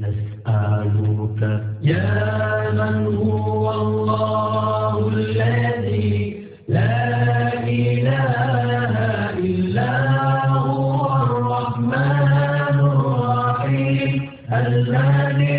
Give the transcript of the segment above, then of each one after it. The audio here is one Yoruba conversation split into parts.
نسألك يا من هو الله الذي لا إله إلا هو الرحمن الرحيم الذي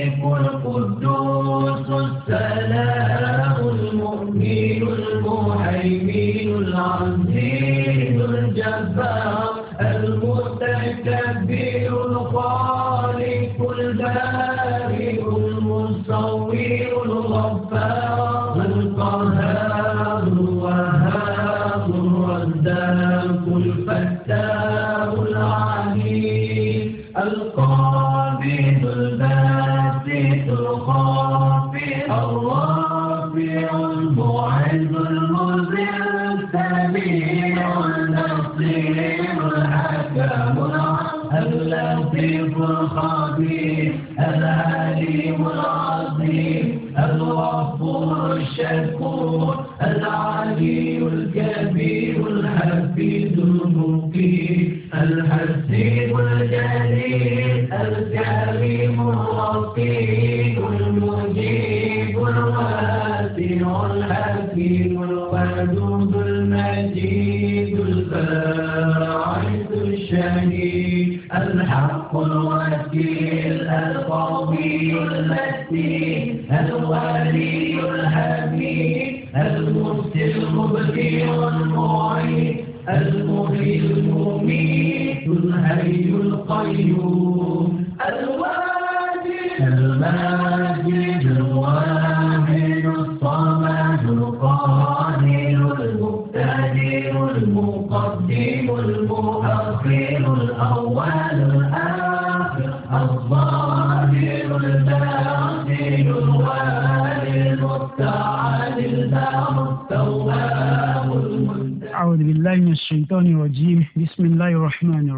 المجيد الباعث الشهيد الحق الوكيل القوي المتين الولي الحميد المفتي المبدي المعيد المحيي المميت الهي القيوم الواجد الماجد الواجد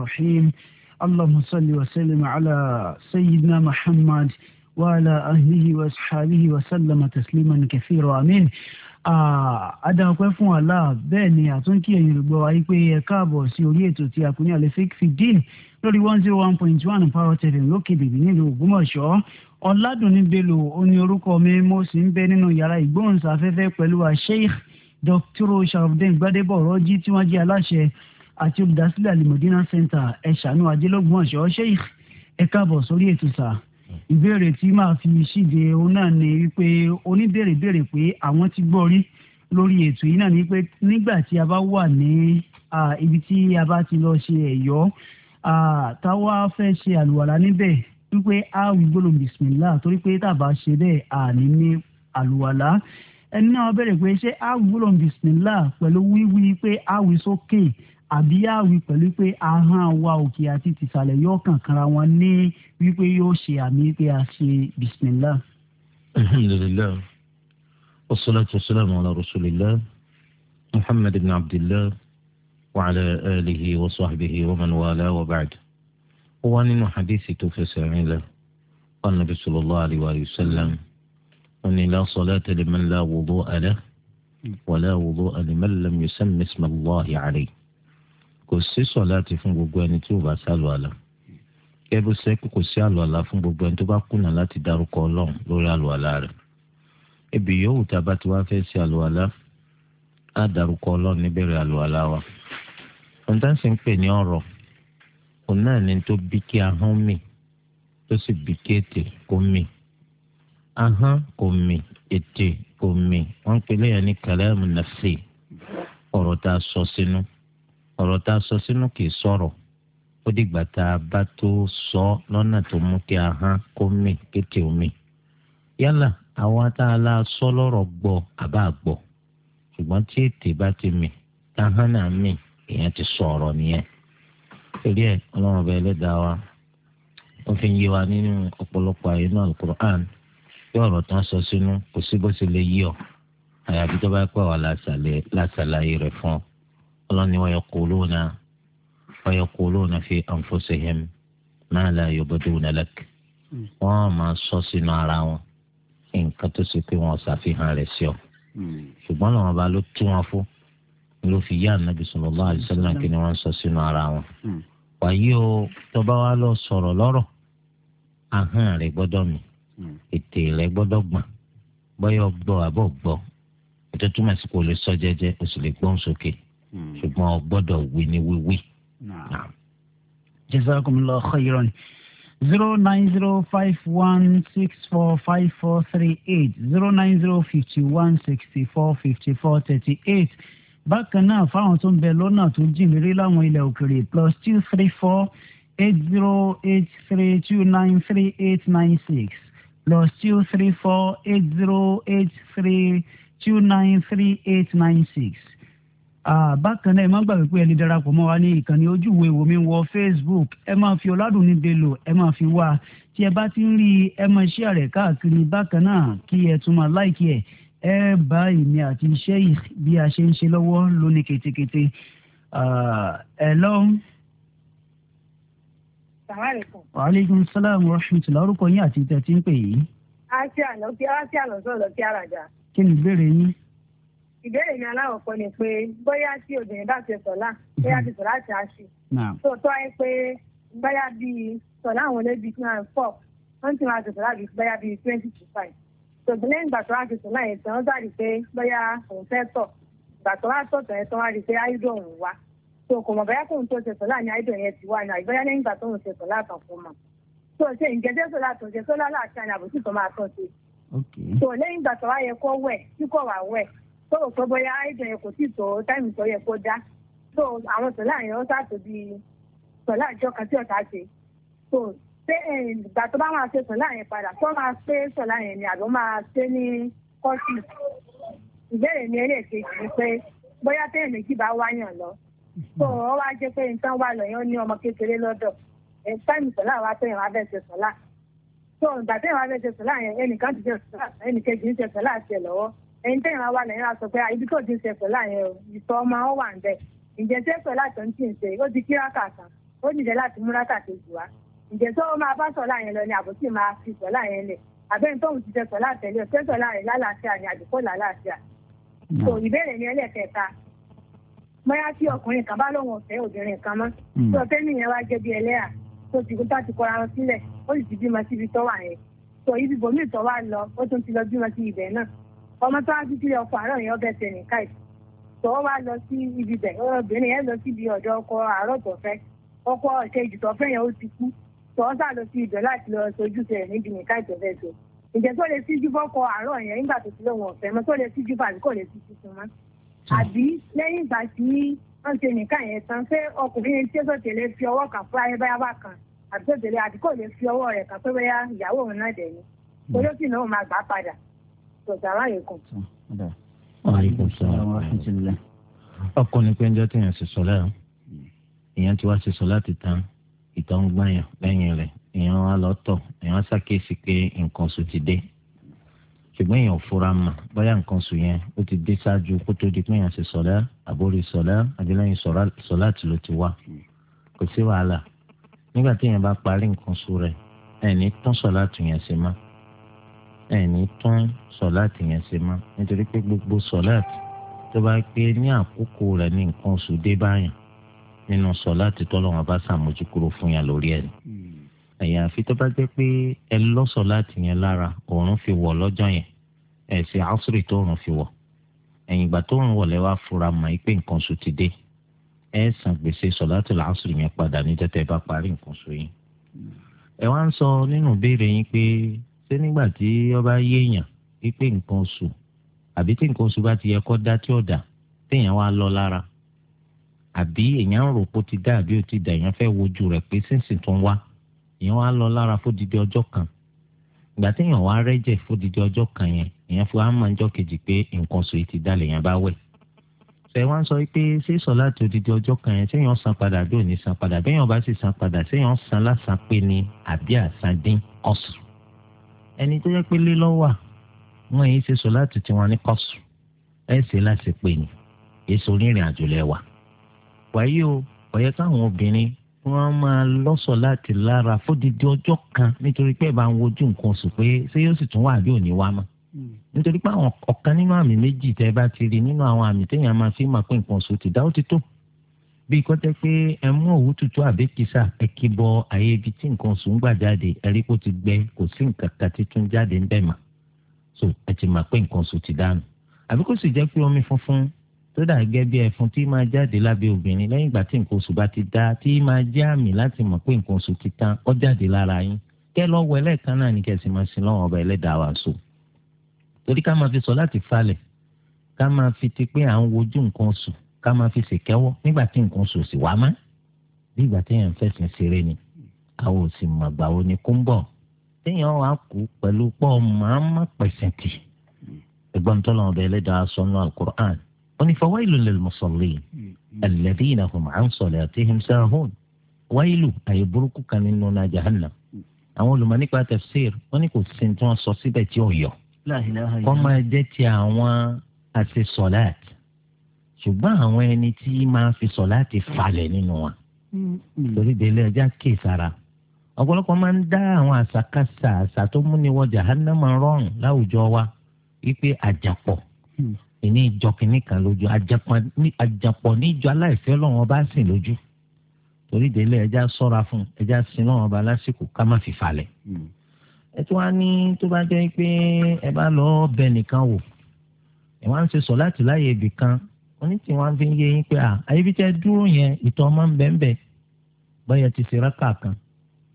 الرحيم اللهم صل وسلم على سيدنا محمد وعلى أهله وأصحابه وسلم تسليما كثيرا آمين adáwọ̀pẹ́ fún Allah bẹ́ẹ̀ ni àtúnkí ẹ̀yin olùgbọ́ wa pé ẹ káàbọ̀ sí orí ètò tí a kò fìdín lórí one zero oh one point one parrot fm lókè bèbí nílùú Ògbómọ̀ṣọ́ ọ̀làdùnní bello oní orúkọ mi mo sì ń bẹ nínú yàrá ìgbóhùnsáfẹ́fẹ́ pẹ̀lú Sheikh Dr. Sharafdin Gbadebo Rọ́jí tí wọ́n jẹ́ aláṣẹ àti olùdásílẹ̀ alimọ̀dínà center ẹ̀ṣánú ajẹ́lógún ọ̀ṣọ́ sheikh ẹ káàbọ̀ sórí ètò sáà ìbéèrè tí màá fi ṣíde òun náà ni wípé oníbèrè béèrè pé àwọn ti gbọ́ rí lórí ètò yìí náà ni pé nígbà tí a bá wà ní ibi tí a bá ti lọ ṣe ẹ̀yọ́ táwa fẹ́ ṣe àlùwàlá níbẹ̀ wípé a wí gbólóhùn bisimilá torí pé tàbá ṣe bẹ́ẹ̀ àní ní àlùwàlá ẹni náà béèrè pé ṣé a wí gbólóhùn bisimilá pẹ̀lú wíwí pé a wí sókè àbí àwí pẹ̀lú pé ahọ́n wa òkè àti tìsàlẹ̀ yóò kàn kanra wọn ní wípé yóò ṣe àmì pé a ṣe bisimilá. alhamdulillah wasalaatu wasalaamu ala rasulillah muhammad ibn abdillah wa ala alihi wa sahbihi wa man wala wa ba'd. ó wá nínú hadithi tó fẹsẹ̀ rìn lẹ̀ wọn nàbí sallallahu alayhi wa sallam wọn ni la liman la wudu'a lahu wa la wudu'a liman lam yusammi isma Allahi alayhi kò sí sọ̀láàtì fún gbogbo ẹni tí ò bá sálọ àlà kẹ́bù sẹ́kù kò sí àlọ́ àlà fún gbogbo ẹni tó bá kùnà láti dárúkọ ọlọ́run lórí àlọ́ àlà rẹ̀ ibi yòówù tá a bá ti wá fẹ́ sí àlọ́ àlà á dárúkọ ọlọ́run níbẹ̀rẹ̀ àlọ́ àlà wa ohun tá à ń sì ń pè ní ọ̀rọ̀ òun náà ni tó bí kí ahọ́n mì tó sì bí kí ètè kó mì ahọ́n kò mì ètè kò mì wọ́n ń pè léyàn ní kàlámù nàfsì ọ̀rọ̀ tá a sọ sínú. So ọ̀rọ̀ tá a sọ sínú kì í sọ̀rọ̀ ó dìgbà tá a bá tó sọ lọ́nà tó mú kí a hán kó mì kété omi yálà àwọn tá a la sọ lọ́rọ̀ gbọ́ àbá gbọ́ ṣùgbọ́n tí ètè bá ti mì tá a hán náà mì èèyàn ti sọ ọ̀rọ̀ nìyẹn torí ẹ̀ ọlọ́run ọba ẹlẹ́dàá wa ó fi ń yé wa nínú ọ̀pọ̀lọpọ̀ àyè náà alukur'an bí ọ̀rọ̀ tán sọ sínú kò sí bó ṣe lè yí ọ àyàfi tó bá pẹ́ wà lásàlàyé rẹ̀ fún ọ ọlọ́ni wa yaquluna wa yaquluna fi anfusihim ma la yubduna lak wọ́n máa sọ sínú ara wọn nǹkan tó ṣe pé wọ́n ṣàfihàn rẹ̀ sí ọ. ṣùgbọ́n làwọn ọba ló tú wọn fún ló fi yá ànábì sallallahu alaihi wasallam kí ni wọ́n sọ sínú ara wọn. wàyí o tọba wa lọ sọ̀rọ̀ lọ́rọ̀ ahọ́n rẹ̀ gbọ́dọ̀ mì ètè rẹ̀ gbọ́dọ̀ gbọ̀n bọ́yọ̀ gbọ́ àbọ̀ gbọ́ ètò túmọ̀ sí kò lè sọ jẹ́jẹ́ o lè gbọ́n sókè ṣùgbọ́n gbọ́dọ̀ wí ní wíwí. jazakumullahu khairan zero nine zero five one six four five four three eight zero nine zero fifty one sixty four fifty four thirty eight bákan náà fáwọn tó ń bẹ lọ́nà tó jìn lérí láwọn ilẹ̀ òkèrè plus two three four eight zero eight three two nine three eight nine six plus two three four eight zero eight three two nine three eight nine six bákan náà ẹ má gbàgbé pé ẹ lè darapọ̀ mọ́ wa ní ìkànnì ojú ìwé wo mi wọ facebook ẹ máa fi ọ̀làdùnní bello ẹ máa fi wá tí ẹ bá ti ń rí ẹ máa share rẹ̀ káàkiri bákan náà kí ẹ tún máa like ẹ ẹ bá èmi àti iṣẹ́ yìí bí a ṣe ń ṣe lọ́wọ́ lónìí ketekete ẹ lọ́hùn. wa alaikum salaam wa rahmatullahi orúkọ yín àti tẹ̀ tí ń pè yìí. a ṣe àná kí a ṣe àná sọ̀rọ̀ kí a ràjà. kí ni ìbéèrè yín. ìbéèrè mi aláwọ̀kọ́ ni pé bóyá tí obìnrin bá ti sọ̀lá bóyá ti sọ̀lá ti àṣì tó tọ́ ẹ pé bóyá bíi sọ̀lá àwọn tí wọ́n fọ̀ wọ́n ti máa ti sọ̀lá bíi bóyá bíi twenty to five ṣùgbọ́n lẹ́yìn ìgbà tó wá ti sọ̀lá yẹn tán ó dàbí pé bóyá òun fẹ́ tọ̀ ìgbà tó wá yẹn tán wá rí i pé òun wá tó kò mọ̀ bóyá kóun tó ṣe sọ̀lá ni yẹn ti wá ni àgbẹ̀yà lẹ́yìn ìgbà tóun ṣe sọ̀lá kan fún mọ̀ tó ṣe tó o sọ bóyá àìsàn yẹn kò tí ì tó táìmù tó yẹ kó dá tó àwọn sọlá yẹn ó sàtò bíi sọlá ìjọ kan tí ọ̀tá ṣe tó pé ìgbà tó bá máa ṣe sọlá yẹn padà tó máa ṣe sọlá yẹn ni àbí ó máa ṣe ní kọ́ọ̀tù ìbéèrè mi ẹlẹ́ẹ̀kejì ni pé bóyá téèyàn méjì bá wáyàn lọ tó ọ wá jẹ́ pé nǹkan wà lọ́yàn ó ní ọmọ kékeré lọ́dọ̀ ẹ̀ táìmù sọlá wa téèyàn wá bẹ́ẹ̀ ṣe sọlá tó ìgbà téèyàn wá bẹ́ẹ̀ ṣe sọlá yẹn ẹnìkan ti ṣe sọlá ẹnìkejì ń ṣe sọlá ṣe lọ́wọ́ ẹni tẹ́yìn wá wà nàìjíríà sọ pé ah, ibi tó ti ṣe pẹ̀lú àyẹn o ìtọ́ ọmọ ọ wà ń ǹjẹ́ ṣé pẹ̀lú àtọ̀ ń tì ń ṣe ó ti kí rákà kan ó nìjẹ́ láti mú kejì wá ǹjẹ́ tó máa bá lọ ni máa fi lẹ̀ tóun ti ṣe lálàáfíà ni àdìpọ̀ lálàáfíà. so hmm. ìbéèrè ni tí ọkùnrin kan bá lóun ọ̀fẹ́ obìnrin kan mọ́ hmm. tó ọ̀fẹ́ wá jẹ́ bí tó ti ibi ọmọ tó wá títí ọkọ àárọ̀ yẹn ọbẹ̀ tẹ̀ ní káì tó wá lọ sí ibi bẹ̀ obìnrin yẹn lọ síbi ọ̀dọ̀ ọkọ àárọ̀ tó fẹ́ ìkejì tó yẹn ó ti kú tó wọ́n sá lọ sí ibẹ̀ láti lọ sojú tẹ̀ níbi ní káì tó tó ǹjẹ́ tó lè síjú fọ́kọ àárọ̀ yẹn nígbà tó ti lóun ọ̀fẹ́ mọ́ tó lè síjú fàbí kò lè síjú fún wọn àbí lẹ́yìn ìgbà tí wọ́n ṣe nìkan yẹn tán ṣé ọkùnrin yẹn tí ó tẹ̀lé fi ọwọ́ kà fún ayé bá kan àbí tó tẹ̀lé àbí kò lè fi ọwọ́ rẹ̀ kà pé bóyá ìyàwó òun náà dẹ̀ ni hmm. olóṣìnà òun máa gbà padà sọ̀tàrà yẹn kan. ọkùnrin pé ń jẹ́ téèyàn ṣe sọ lára èèyàn ti wá ṣe sọ láti tan ìtàn gbàyàn lẹ́yìn rẹ̀ èèyàn wá lọ tọ̀ èèyàn ṣàkíyèsí pé nǹkan oṣù ti dé ṣùgbọ́n èèyàn fura mà bóyá nǹkan oṣù yẹn ó ti dé ṣáájú kó tó di pé èèyàn ṣe sọ̀lá àbórí sọ̀lá àbílẹ̀yìn sọ̀lá tí ló ti wá kò sí wàhálà nígbà tí èèyàn bá parí nǹkan oṣù rẹ̀ ẹ̀ ní tán sọ̀lá tù yẹn ṣe máa ẹ̀ní tún sọ̀láàtì yẹn ṣe mọ́ nítorí pé gbogbo sọ̀láàtì tó bá pé ní àkókò rẹ̀ ní nǹkan oṣù dé báyìí nínú sọ̀láàtì tọ́lọ́wọ́n bá ṣàmójú kúrò fún yàn lórí ẹ̀ àyàfi tó bá jẹ́ pé ẹ lọ́sọ̀ láti yẹn lára òòrùn fi wọ̀ lọ́jọ́ yẹn ẹ̀ sì tó òòrùn fi wọ̀ ẹ̀yìn ìgbà tó òòrùn wọ̀lẹ́ wá fura mọ̀ pé nǹkan oṣù ti dé ẹ san gbèsè sọ̀láàtì láṣírí yẹn padà ní tẹ́tẹ́ bá parí nǹkan oṣù yín. ẹ wá ń sọ nínú ìbéèrè yín pé ṣé nígbà tí ó bá yéèyàn wípé nǹkan oṣù àbí tí nǹkan oṣù bá ti yẹ kó dá tí ó dà téèyàn wá lọ lára àbí èèyàn ń rò pó ti dá àbí ó ti dà èèyàn fẹ́ wojú rẹ̀ pé sínsìn tó ń wá èèyàn wá lọ lára fódìdí ọjọ́ kan ìgbà téèyàn wá rẹ́jẹ̀ fódìdí ọjọ́ kan yẹn èèyàn fi wá máa ń jọ́ kejì pé nǹkan oṣù yìí ti dá lèèyàn bá wẹ̀ ṣe wá ń sọ pé ṣé sọ láti odidi ọjọ́ kan yẹn ṣéèyàn san padà bí ò ní san padà béèyàn bá sì san padà ṣéèyàn san lásán pé ni àbí àsandín ọ̀sán ẹni tó yẹ pé lé lọ́wọ́ wọn èyí ṣe sọ láti tiwọn ní kọ́sù ẹ̀ ṣe láti pè ní èso rìnrìn àjò lẹ́wà. wàyí o ọ̀yẹ́ káwọn obìnrin wọ́n máa lọ́sọ̀ láti lára fódìdí ọjọ́ kan nítorí pé ẹ̀ bá ń wojú nǹkan oṣù pé ṣé yóò sì tún wà bí òní wá mọ́ nítorí pé àwọn ọ̀kan nínú àmì méjì tẹ́ bá ti rí nínú àwọn àmì téèyàn máa fi máa pé nǹkan oṣù ti dá ó ti tó bí kò tẹ́ pé ẹ mú òwú tutù àbẹ́kísà ẹ kí bọ àyè ibi tí nǹkan sùn gbà jáde ẹ̀rí kó ti gbẹ kò sí nǹkan kan títún jáde ń bẹ̀ mà so ẹ ti mà pé nǹkan sùn ti dànù àbí kó sì jẹ́ pé omi funfun tó dà gẹ́ bí ẹ̀fun tí máa jáde lábẹ́ obìnrin lẹ́yìn ìgbà tí nǹkan oṣù bá ti dá tí máa jẹ́ àmì láti mọ̀ pé nǹkan oṣù ti tán ó jáde lára yín kẹ́ lọ́ ẹlẹ́ẹ̀kan náà ní kẹsì máa sin lọ́wọ́ ọba ẹlẹ́dàá wa so torí ká máa fi sọ láti falẹ̀ ká máa fi ti pé à ń wojú nǹkan oṣù ká máa fi ṣèkẹ́wọ́ nígbà tí nǹkan oṣù sì wá má bí ìgbà téèyàn fẹ̀sìn ṣeré ni àwọn ò sì mọ̀ gbà wo ni kó ń bọ̀ téèyàn wà kú pẹ̀lú pọ̀ máa má pẹ̀sìn tì ẹgbọ́n tó lọ́wọ́ bẹ́ẹ̀ lẹ́dàá sọ nínú alukur'an ó ní fawailun lil musallin alladhina hum an salatihim sahun wáyìlù àyè burúkú kan nínú náà jahannam àwọn olùmọ̀ nípa tafsir wọ́n ní kò sí tí wọ́n sọ síbẹ̀ tí ò yọ kọ́ máa jẹ́ ti àwọn àti sọ̀láàtì ṣùgbọ́n àwọn ẹni tí máa fi sọ láti falẹ̀ nínú wa mm-hmm. torí délé ẹjá kè sára ọ̀pọ̀lọpọ̀ máa ń dá àwọn àṣàkáṣà àṣà tó múni wọ jahannama rọrùn láwùjọ wa wípé àjàpọ̀ mm-hmm. ìní ìjọ kìíní kan lójú àjàpọ̀ níjọ aláìfẹ́ lọ́wọ́ bá sìn lójú torí délé ẹjá sọ́ra fún ẹjá sin lọ́wọ́ bá lásìkò ká má fi falẹ̀ mm-hmm. ẹ tún wá ní tó bá jẹ́ pé ẹ bá lọ́ọ́ bẹ nìkan wò ẹ wá ń ṣe sọ láti láyè ibì kan wọ́n ní tí wọ́n fi ń yé yín pé à ayébí tẹ́ dúró yẹn ìtọ̀ ọmọ ń bẹ́ẹ̀ bẹ́ẹ̀ báyọ̀ ti ṣe rákà kan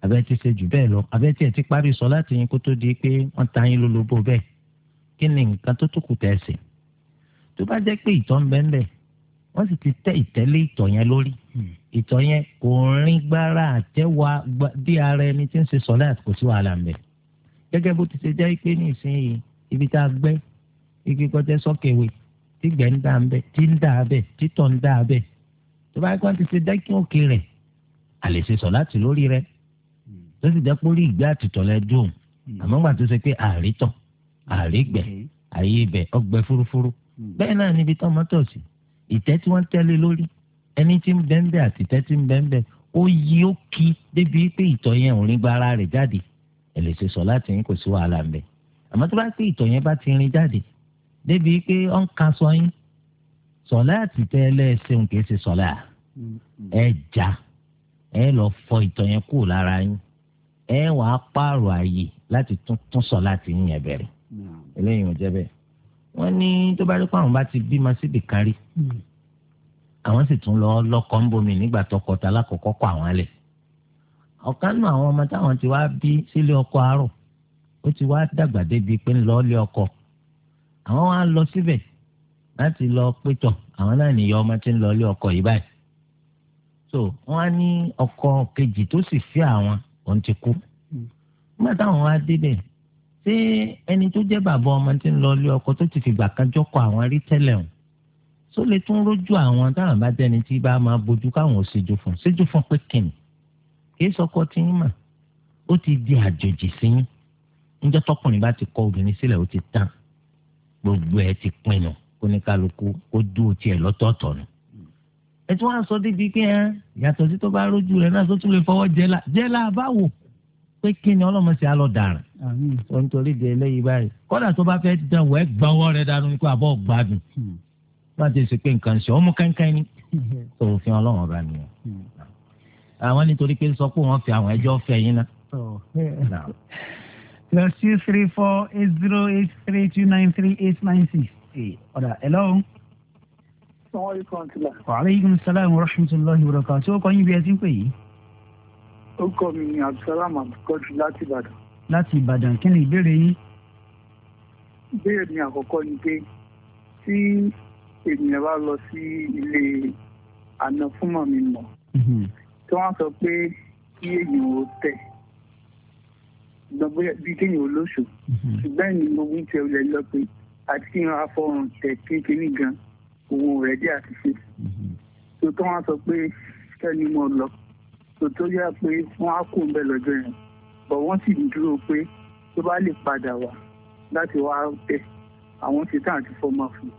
àbẹ́ ti ṣe jù bẹ́ẹ̀ lọ àbẹ́ tiẹ̀ ti parí sọ láti yín kó tó di pé wọ́n ta yín lólobó bẹ́ẹ̀ kí ni nǹkan tó tókù tẹ̀ sí tó bá jẹ́ pé ìtọ̀ ń bẹ́ẹ̀ bẹ́ẹ̀ wọ́n sì ti tẹ́ ìtẹ́lé ìtọ̀ yẹn lórí ìtọ̀ yẹn kò rin gbára àtẹ́wà bí ara ẹni tí ń ṣe sọ láti kò sí wàhálà ńbẹ gẹ́gẹ́ bó ti ṣe jẹ́ pé ní ìsinyìí ibi tá a gbẹ́ igi kọjá sọ́kẹ̀wé tí gbẹ̀ ń dà bẹ́ẹ̀ tí ń dà bẹ́ẹ̀ tí tọ̀ ń dà bẹ́ẹ̀ tó bá gbọ́n ti ṣe dẹ́kun òkè rẹ̀ àlè ṣe sọ láti lórí rẹ̀ tó sì jẹ́ pórí ìgbẹ́ àtìtọ̀ lẹ dùn àmọ́ gbà tó ṣe pé àrítọ̀ àrígbẹ̀ àyè ibẹ̀ ọgbẹ́ fúrufúru hmm. bẹ́ẹ̀ náà níbi tó mọ́tò sí ìtẹ́ tí wọ́n tẹ́lẹ̀ lórí ẹni tí ń bẹ́ńbẹ́ àti ìtẹ́ tí ń bẹ́ńbẹ́ ó yí ó kí débi pé ìtọ̀ yẹn ò ní gba ara rẹ̀ jáde ẹ̀ sọ láti yín kò sí wàhálà ń bẹ̀ àmọ́ tó bá pé ìtọ̀ yẹn bá ti rin jáde débi pé ó ń ka sọ yín sọláàtì tẹ ẹlẹ́ẹ̀sìn kìí ṣe sọlá mm-hmm. ẹ já ẹ lọ fọ ìtọ̀ yẹn kúrò lára yín ẹ wàá pààrọ̀ àyè láti tún tún sọláàtì yín yẹn bẹ̀rẹ̀ mm-hmm. eléyìí ò jẹ́ bẹ́ẹ̀ wọ́n ní tó bá rí pé àwọn bá ti bímọ síbi kárí mm-hmm. àwọn sì tún lọ lọ́kọ ń bomi nígbà tọkọtà alákọọkọ kọ àwọn alẹ ọ̀kan nù àwọn ọmọ táwọn ti wá bí sílé ọkọ àárọ̀ ó ti wá dàgbà débi pé ń lọ ilé ọkọ àwọn wa lọ síbẹ̀ láti lọ pétọ̀ àwọn náà nìyọ ọmọ tí ń lọ ilé ọkọ yìí báyìí so wọn á ní ọkọ kejì tó sì fẹ́ àwọn òun ti kú nígbà táwọn wa débẹ̀ ṣé ẹni tó jẹ́ bàbá ọmọ tí ń lọ ilé ọkọ tó ti fìgbà kan jọ́kọ̀ àwọn rí tẹ́lẹ̀ o tó lè tún rójú àwọn táwọn bá dẹni tí bá máa bójú káwọn ò ṣèjú fún ṣèjú fún pé kìnnì kì í sọkọ tí ń mà ó ti di àjòjì sí yín níjọ́ tọkùnrin bá ti kọ obìnrin sílẹ̀ ó ti tán gbogbo ẹ ti pinnu kó ní kálukú kó dúró tiẹ̀ lọ́tọ̀ọ̀tọ̀ nù. ẹ tún wá sọ débi pé ẹ yàtọ̀ sí tó bá rójú rẹ náà tó tún lè fọwọ́ jẹ́lá jẹ́lá báwo pé kí ni ọlọ́mọṣẹ́ á lọ dàrán. sọ nítorí de eléyìí báyìí kódà tó bá fẹ́ dán wọ́ ẹ gbà ọwọ́ rẹ dànù ní kó àbọ̀ gbádùn hmm. bá ti sè pé nǹkan ṣe ọmú kankan ni hmm. òfin ọlọ́run ọba nìyẹn. Hmm. àwọn nítorí pé sọ pé wọ́n fi àwọn ẹjọ́ fẹ́ yín náà. Oh, plus two three four eight zero eight three two nine three eight nine six eight. ọ̀dà hello. wa aleykum salaam wa rahmatulahi wa barakatuh. tí ó kọ́ yín bí ẹ ti ń pè yìí. ó kọ́ mi ní abdulsalam abdulkọ́jú láti ìbàdàn. láti ìbàdàn kí ni ìbéèrè yín. ìbéèrè mi àkọ́kọ́ ni pé tí ènìyàn bá lọ sí ilé àná fún mọ̀ mm-hmm. tí wọ́n sọ pé kí èèyàn ó tẹ̀ gbọ́gbẹ́ bíi kéèyàn olóṣù mhm. ṣùgbọ́n ẹni mo wí tẹ olè lọ pé àti kéèyàn afọrùn tẹ kékeré gan òun rẹ̀ dé àti ṣe tó tó wọn sọ pé kẹ́ni mo lọ tó tó yá pé wọ́n á kó ń bẹ̀ lọ́jọ́ yẹn bọ̀ wọ́n sì dúró pé tó bá lè padà wá láti wá tẹ̀ àwọn ti tàn àti fọmọ fún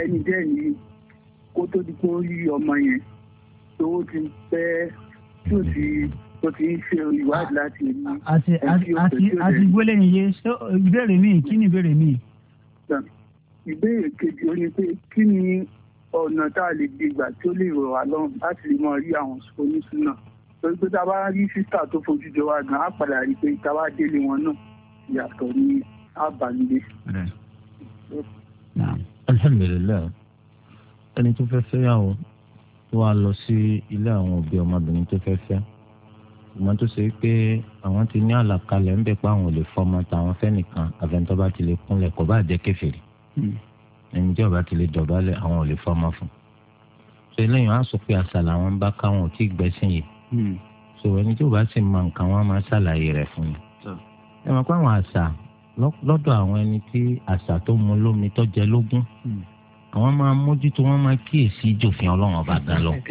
ẹni dẹ́ ni kó tó di kó rí ọmọ yẹn tó ti pẹ́ tó ti ó ti ń ṣe ìwádìí láti ní. àti àti àti gbélé yín yé ṣé ìbéèrè mi kí ni ìbéèrè mi. ìbéèrè kejì ó ní pé kí ni ọ̀nà tá a lè gbé gbà tí ó lè rọ̀ wá lọ́rùn láti lè mọ rí àwọn oníṣúná torí pé tá a bá rí sísà tó fojú jọ wá gan á padà rí pé tá a bá délé wọn náà ìyàtọ̀ ní àbálẹ̀. alhamdulilayi ẹni tó fẹ́ fẹ́ yàwó tó wàá lọ sí ilé àwọn òbí ọmọbìnrin tó fẹ́ fẹ́ ṣùgbọ́n tó ṣe pé àwọn ti ní àlàkalẹ̀ ń bẹ pé àwọn ò lè fọmọ táwọn fẹ́nìkan àfẹnitọ́ bá ti lè kúnlẹ̀ kó bá jẹ́ kèfèrí hmm. ẹni tí ọba ti lè dọ̀bálẹ̀ àwọn ò lè fọmọ fún ṣe lẹ́yìn á sọ pé àṣà làwọn ń bá káwọn ò tí ì gbẹ́sìn yìí ṣò hmm. ẹni tí ọba sì mọ nǹkan wọn máa ṣàlàyé rẹ̀ fún mi ẹ mọ̀ pé àwọn àṣà lọ́dọ̀ àwọn ẹni tí àṣà tó mu lómi tó jẹ lógún hmm. àwọn máa mójútó wọn máa kíyèsí ìjòfin ọlọ́run ọba gan lọ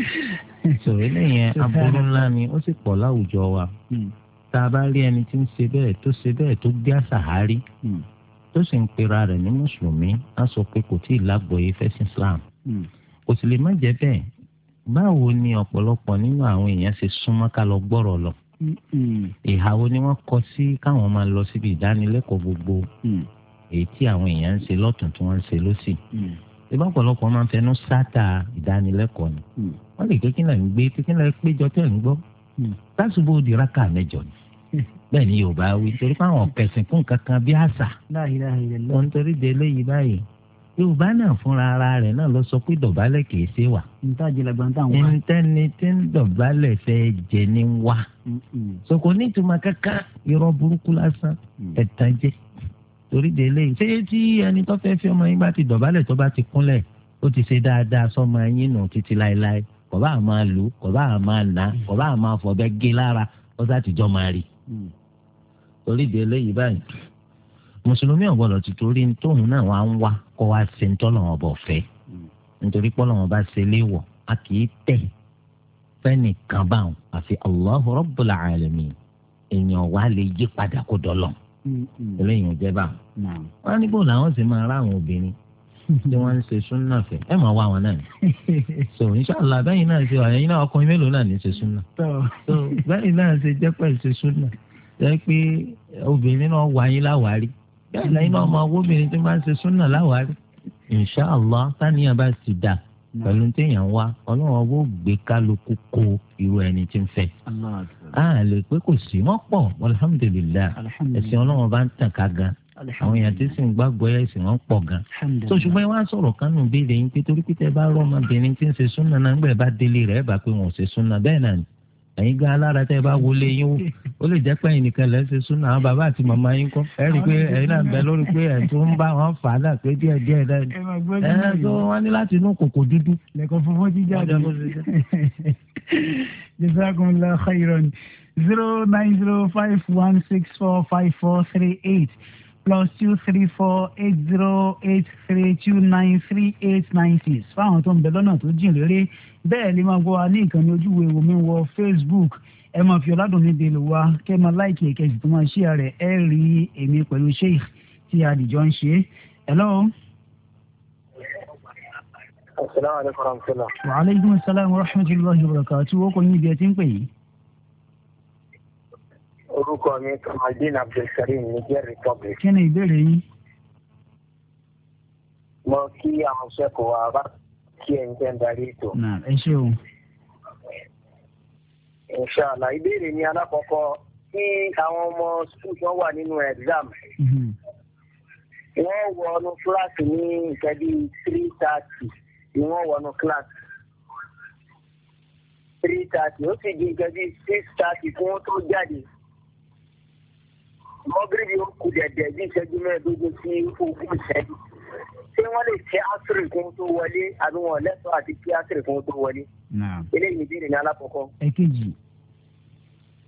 sọ̀rọ̀ lẹ́yìn aburú ńlá ni ó sì pọ̀ láwùjọ wa hmm. tá a bá rí ẹni tí ń ṣe bẹ́ẹ̀ tó ṣe bẹ́ẹ̀ tó gbé àṣàhárí hmm. tó sì ń pera rẹ̀ ní mùsùlùmí á sọ pé kò tí ì lágbọ̀ọ́yé fẹ́sìn Islam hmm. kò sì lè má jẹ́ bẹ́ẹ̀ báwo ni ọ̀pọ̀lọpọ̀ nínú àwọn èèyàn ṣe súnmọ́ ká lọ gbọ́rọ̀ lọ ìhàwó ni wọ́n kọ sí káwọn máa lọ síbi ìdánilẹ́kọ̀ọ́ gbogbo èyí tí àwọn èèyàn ń ṣe lọ́tún tí wọ́n ń ṣe lọ́sì ìbá ọ̀pọ̀lọpọ̀ máa ń fẹnu sáta ìdánilẹ́kọ̀ọ́ ni hmm. wọ́n lè kékin náà ń gbé kékin náà péjọ tẹ̀ ń gbọ́ hmm. tásùbò di rákà mẹ́jọ ni hmm. bẹ́ẹ̀ ni yorùbá wí torí fáwọn kẹsìn fún kankan bí àṣà wọn torí de eléyìí báyìí yorùbá náà fúnra ara rẹ̀ náà lọ sọ pé dọ̀bálẹ̀ kìí ṣe wà ntẹni tí ń dọ̀bálẹ̀ fẹ́ jẹ ní wá sọkò nítumọ̀ kankan irọ́ burúkú lásán ẹ̀tàn jẹ́ torí de eléyìí ṣé tí ẹni tó fẹ́ fi ọmọ yín bá ti dọ̀bálẹ̀ tó bá ti kúnlẹ̀ ó ti ṣe dáadáa sọmọ yín nù títí láéláé kò bá máa lù kò bá máa nà kò bá máa fọ̀bẹ gé lára ó sàtìjọ́ máa rí hmm. torí de eléyìí báyìí mùsùlùmí ọ̀gbọ́dọ̀ ti torí tóun náà wá ń wá kó wá ṣe ń tọ́lọ̀ ọ̀bọ̀ fẹ́ hmm. nítorí pọ́lọ́wọ́n bá ṣe léwọ̀ a kì í tẹ̀ fẹ́nìkan báwọn àfi Allahu Rabbul Alamin èèyàn wá lè yí padà kó dọ́lọ́n eléyìí ò jẹ́ bá wọn níbo làwọn sì máa rá àwọn obìnrin tí wọ́n ń ṣe súnà fẹ́ ẹ máa wá wọn náà so inṣàlá bẹ́yìn náà ṣe ọ̀yẹ́yìn náà ọkùnrin mélòó náà ní ṣe súnà so bẹ́yìn náà ṣe jẹ́ pẹ̀lú ṣe súnà jẹ́ pé obìnrin náà wà yín láwárí bẹ́ẹ̀ lẹ́yìn náà ọmọ obìnrin tí wọ́n ń ṣe súnà láwárí inṣàlá táníyàn bá ti dà pẹ̀lú téèyàn ń wá ọlọ́run ọwọ́ gbé kálukú kó irú ẹni tí ń fẹ́. a lè pé kò sí wọ́n pọ̀ alhamdulilayi ẹ̀sìn ọlọ́run bá ń tàn ká gan àwọn èèyàn tí sì ń gbàgbọ́ ẹ̀sìn wọn pọ̀ gan. tó ṣùgbọ́n ẹ wá sọ̀rọ̀ kánú béèrè yín pé torí pé tẹ bá rọ ọmọbìnrin tí ń ṣe súnà náà ń gbẹ̀ bá délé rẹ̀ bá pé wọn ò ṣe súnà bẹ́ẹ̀ náà ni ẹ̀yin gan alára tẹ́ ẹ bá wọlé yín wò ó lè jẹ́ pé ẹ̀yin nìkan lẹ́ ṣe súnà àwọn bàbá àti màmá yín kọ́ ẹ rí i pé ẹ̀yin náà bẹ lórí pé ẹ̀ tó ń bá wọn fà á dà pé díẹ̀ díẹ̀ dá ẹ ẹ tó wọn ní láti inú kòkò dúdú. lẹ́kọ̀ọ́ fúnfún jíjà rẹ̀ jazakumullahu khairan zero nine zero five one six four five four three eight plus two three four eight zero eight three two nine three eight nine six fáwọn tó ń bẹ lọ́nà tó jìn lérè bẹ́ẹ̀ lè máa gbọ́ wa ní ìkànnì ojúwe wo wọ Facebook ẹ máa fi ọ̀làdùn mi dèlò wa kẹ́ ẹ máa láìkì ìkẹsì e, tó máa ṣí ààrẹ ẹ rí èmi pẹ̀lú Sheikh tí àdìjọ ń ṣe. hello. asalaamualeykum wa rahmatulahi wa barakatuh wọ́n kò ní ibi ẹ ti ń pè yìí orúkọ mi kamaldeen abdulsalim niger republic. kí ni ìbéèrè yín. mo kí àwọn sẹ́kọ̀ọ́ wa bá kí ẹ̀ ń tẹ́ ń darí ètò. ẹ ṣé o. inṣàlá ìbéèrè ni alákọ̀ọ́kọ́ tí àwọn ọmọ sukùl tó wà nínú exam. Mhm. wọ́n wọnú kíláàsì ní ìkẹ́bí three thirty ni wọ́n wọnú kíláàsì three thirty ó sì di ìkẹ́bí six thirty kí wọ́n tó jáde mọ́gírì yóò kù dẹ̀dẹ̀ bí ìṣẹ́jú mẹ́ẹ̀ẹ́dógún sí ogún ìṣẹ́jú ṣé wọ́n lè ṣe ásírì kún tó wọlé àbí wọn lẹ́tọ̀ọ́ àti kí ásírì kún tó wọlé. eléyìí ìbéèrè ní alákọ̀ọ́kọ́. ẹ̀kejì.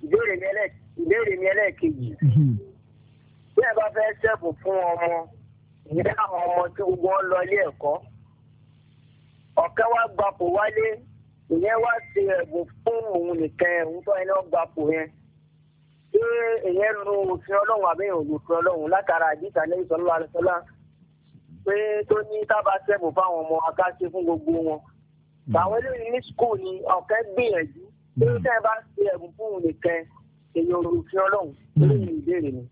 ìbéèrè mi ẹlẹ́ ìbéèrè mi ẹlẹ́ẹ̀kejì. Mhm. bí ẹ bá fẹ́ ṣẹ́bù fún ọmọ ìyá àwọn ọmọ tí gbogbo wọn lọ ilé ẹ̀kọ́ wa gbapò wálé ìyẹn wá ṣe ẹ̀bùn fún òun nìkan ẹ̀ ń tọ́ ẹni ọgbapò yẹn ṣé èèyàn lu òfin ọlọ́run àbí èèyàn ò lu òfin ọlọ́run látara àdìsá ní ìsọ̀lọ́ àlùsọ́lá pé tó ní tábà sẹ́bù fáwọn ọmọ akáṣe fún gbogbo wọn. àwọn eléyìí ní skul ni ọ̀kẹ́ gbìyànjú pé tẹ́ ẹ bá ṣe ẹ̀bùn fún un nìkan èèyàn ò lu òfin ọlọ́run hmm. eléyìí ìbéèrè ni.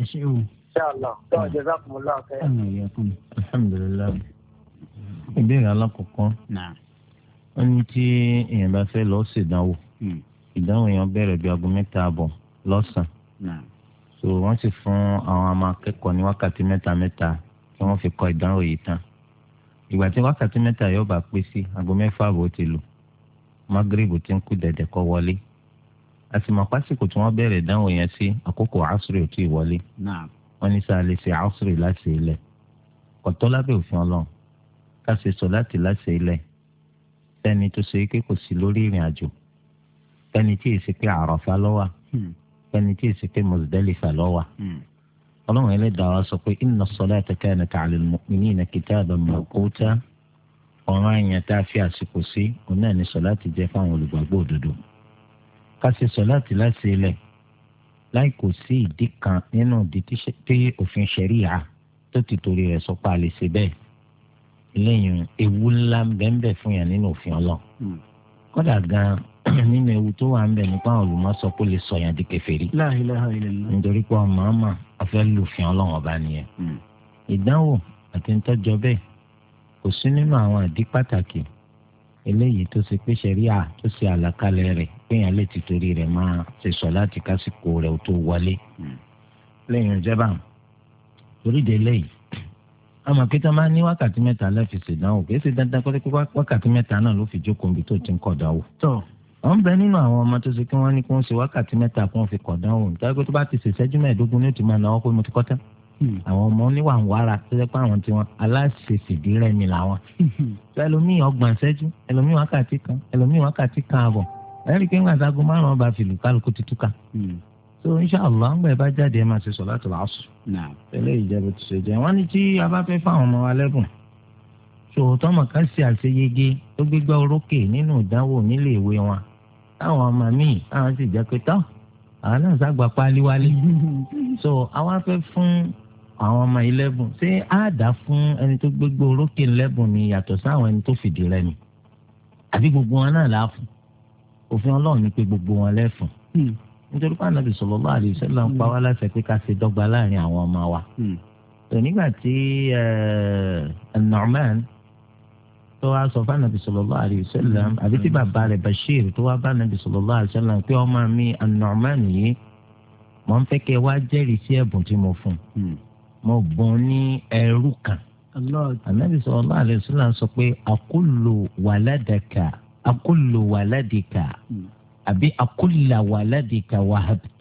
ẹ ṣé o. ṣáàlà tó ọjọ́ sákùnmọ́lá ọ̀kẹ́. alhamdulilayi ìbéèrè alákọ̀ọ́kọ́ ó ní tí èèyàn bá hmm. bẹ̀rẹ̀ bí aago mẹ́ta àbọ̀ lọ́sàn-án so wọ́n sì fún àwọn ọmọ akẹ́kọ̀ọ́ ní wákàtí mẹ́ta mẹ́ta tí wọ́n fi kọ ìdánwò yìí tán ìgbà tí wákàtí mẹ́ta yóò bá pé sí aago mẹ́fà àbò ti lù magrebu ti ń kú dẹ̀dẹ̀ kọ́ wọlé àsìmọ̀ pásìkò tí wọ́n bẹ̀rẹ̀ ìdánwò yẹn sí àkókò asiri ò tí ì wọlé wọ́n ní sáà lè ṣe asiri láti ilẹ̀ kọ̀tọ́ lábẹ́ òfin ọlọ́run ká ṣe sọ láti láti ilẹ̀ sẹ́ni tó ṣe é pé kò sí lórí ìrìn àjò sẹ́ni tí èsì pé àròfá lọ́wọ́ pẹ́ni tí èsì pé Muzdalifa ló wà. Hmm. ọlọ́run ẹlẹ́dàá wa sọ pé inna as-salata kanat 'ala al-mu'minina kitaban mawquta ọ̀ràn àyàn tá a fi àsìkò sí òun náà ni sọ̀láàtì jẹ́ fáwọn olùgbàgbọ́ òdodo. ká ṣe sọ̀láàtì láti ilẹ̀ láì kò sí ìdí kan nínú ìdí tí òfin ṣẹ̀ríyà tó ti torí rẹ̀ sọ́pá lè ṣe bẹ́ẹ̀. lẹ́yìn ewu ńlá bẹ́ẹ̀ fún yàn nínú òfin ọlọ́ hmm. kódà gan nínú ewu tó wà ń bẹ nípa olùmọ sọ pé ó lè sọ yàn di kèfèrí. La ilaha illallah. nítorí pé ọmọ ọmọ afẹ́ lùfín ọlọ́run ọba nìyẹn. Hmm. ìdánwò àti ntọ́jọ bẹ́ẹ̀ kò sí nínú àwọn àdí pàtàkì eléyìí tó ṣe pé ṣẹ̀ríà tó ṣe àlàkalẹ̀ rẹ̀ péyàn lè ti torí rẹ̀ máa ṣe sọ láti kásìkò rẹ̀ tó wọlé. Hmm. lẹ́yìn ìjọba torí lẹ́yìn àmọ́ kí tó máa ní wákàtí mẹ́ta lẹ́fìsì náà ò kì í ṣe dandan kọ́lé wákàtí mẹ́ta náà ló fi jókòó níbi tó ti ń kọ̀ dáwọ́ wọ́n bẹ nínú àwọn ọmọ tó ṣe kí wọ́n ní kí wọ́n ṣe wákàtí mẹ́ta kí wọ́n fi kọ̀dán òun tó yẹ pé tó bá ti ṣe ìṣẹ́jú mẹ́ẹ̀ẹ́dógún ní òtún máa náwó pé mo ti kọ́tán hmm. àwọn ọmọ oníwà ń wára tó jẹ́ pé àwọn tí wọ́n aláṣẹṣèdí rẹ̀ mi làwọn. Hmm. ẹlòmíì ọgbọ̀n ìṣẹ́jú ẹlòmíì wákàtí kan ẹlòmíì wákàtí kan àbọ̀ ẹ̀rí pé ńgbà sago márùn ọba fìlú kálukú ti túká. Hmm. so inṣàlá ńgbà ẹ bá jáde ẹ máa ṣe sọ láti làásù. tẹ́lẹ̀ sí àṣeyege tó gbégbá orókè nínú ìdánwò nílé ìwé wọn táwọn ọmọ míì àwọn sì jẹ́ pé tán àwọn náà ságbà pálí wálé so àwọn fẹ́ fún àwọn ọmọ ilẹ́bùn ṣé á dá fún ẹni tó gbégbó orókè ńlẹ́bùn ni yàtọ̀ sáwọn ẹni tó fìdí rẹ̀ ni àbí gbogbo wọn náà láàfù òfin ọlọ́run ni pé gbogbo wọn lẹ́fùn hmm. nítorí pé ànábì sallallahu alaihi wasallam ń pa wá láṣẹ pé ká ṣe dọ́gba láàrin àwọn ọmọ wa hmm. nígbà tí eh, Nu'man tó wá sọ fún anabi sallallahu alaihi wasallam àbí tí bàbá bashir tó wá bá anabi pé ọmọ mi yìí wá sí tí mo fún hmm. mo bùn ní ẹrú kan anabi sọ pé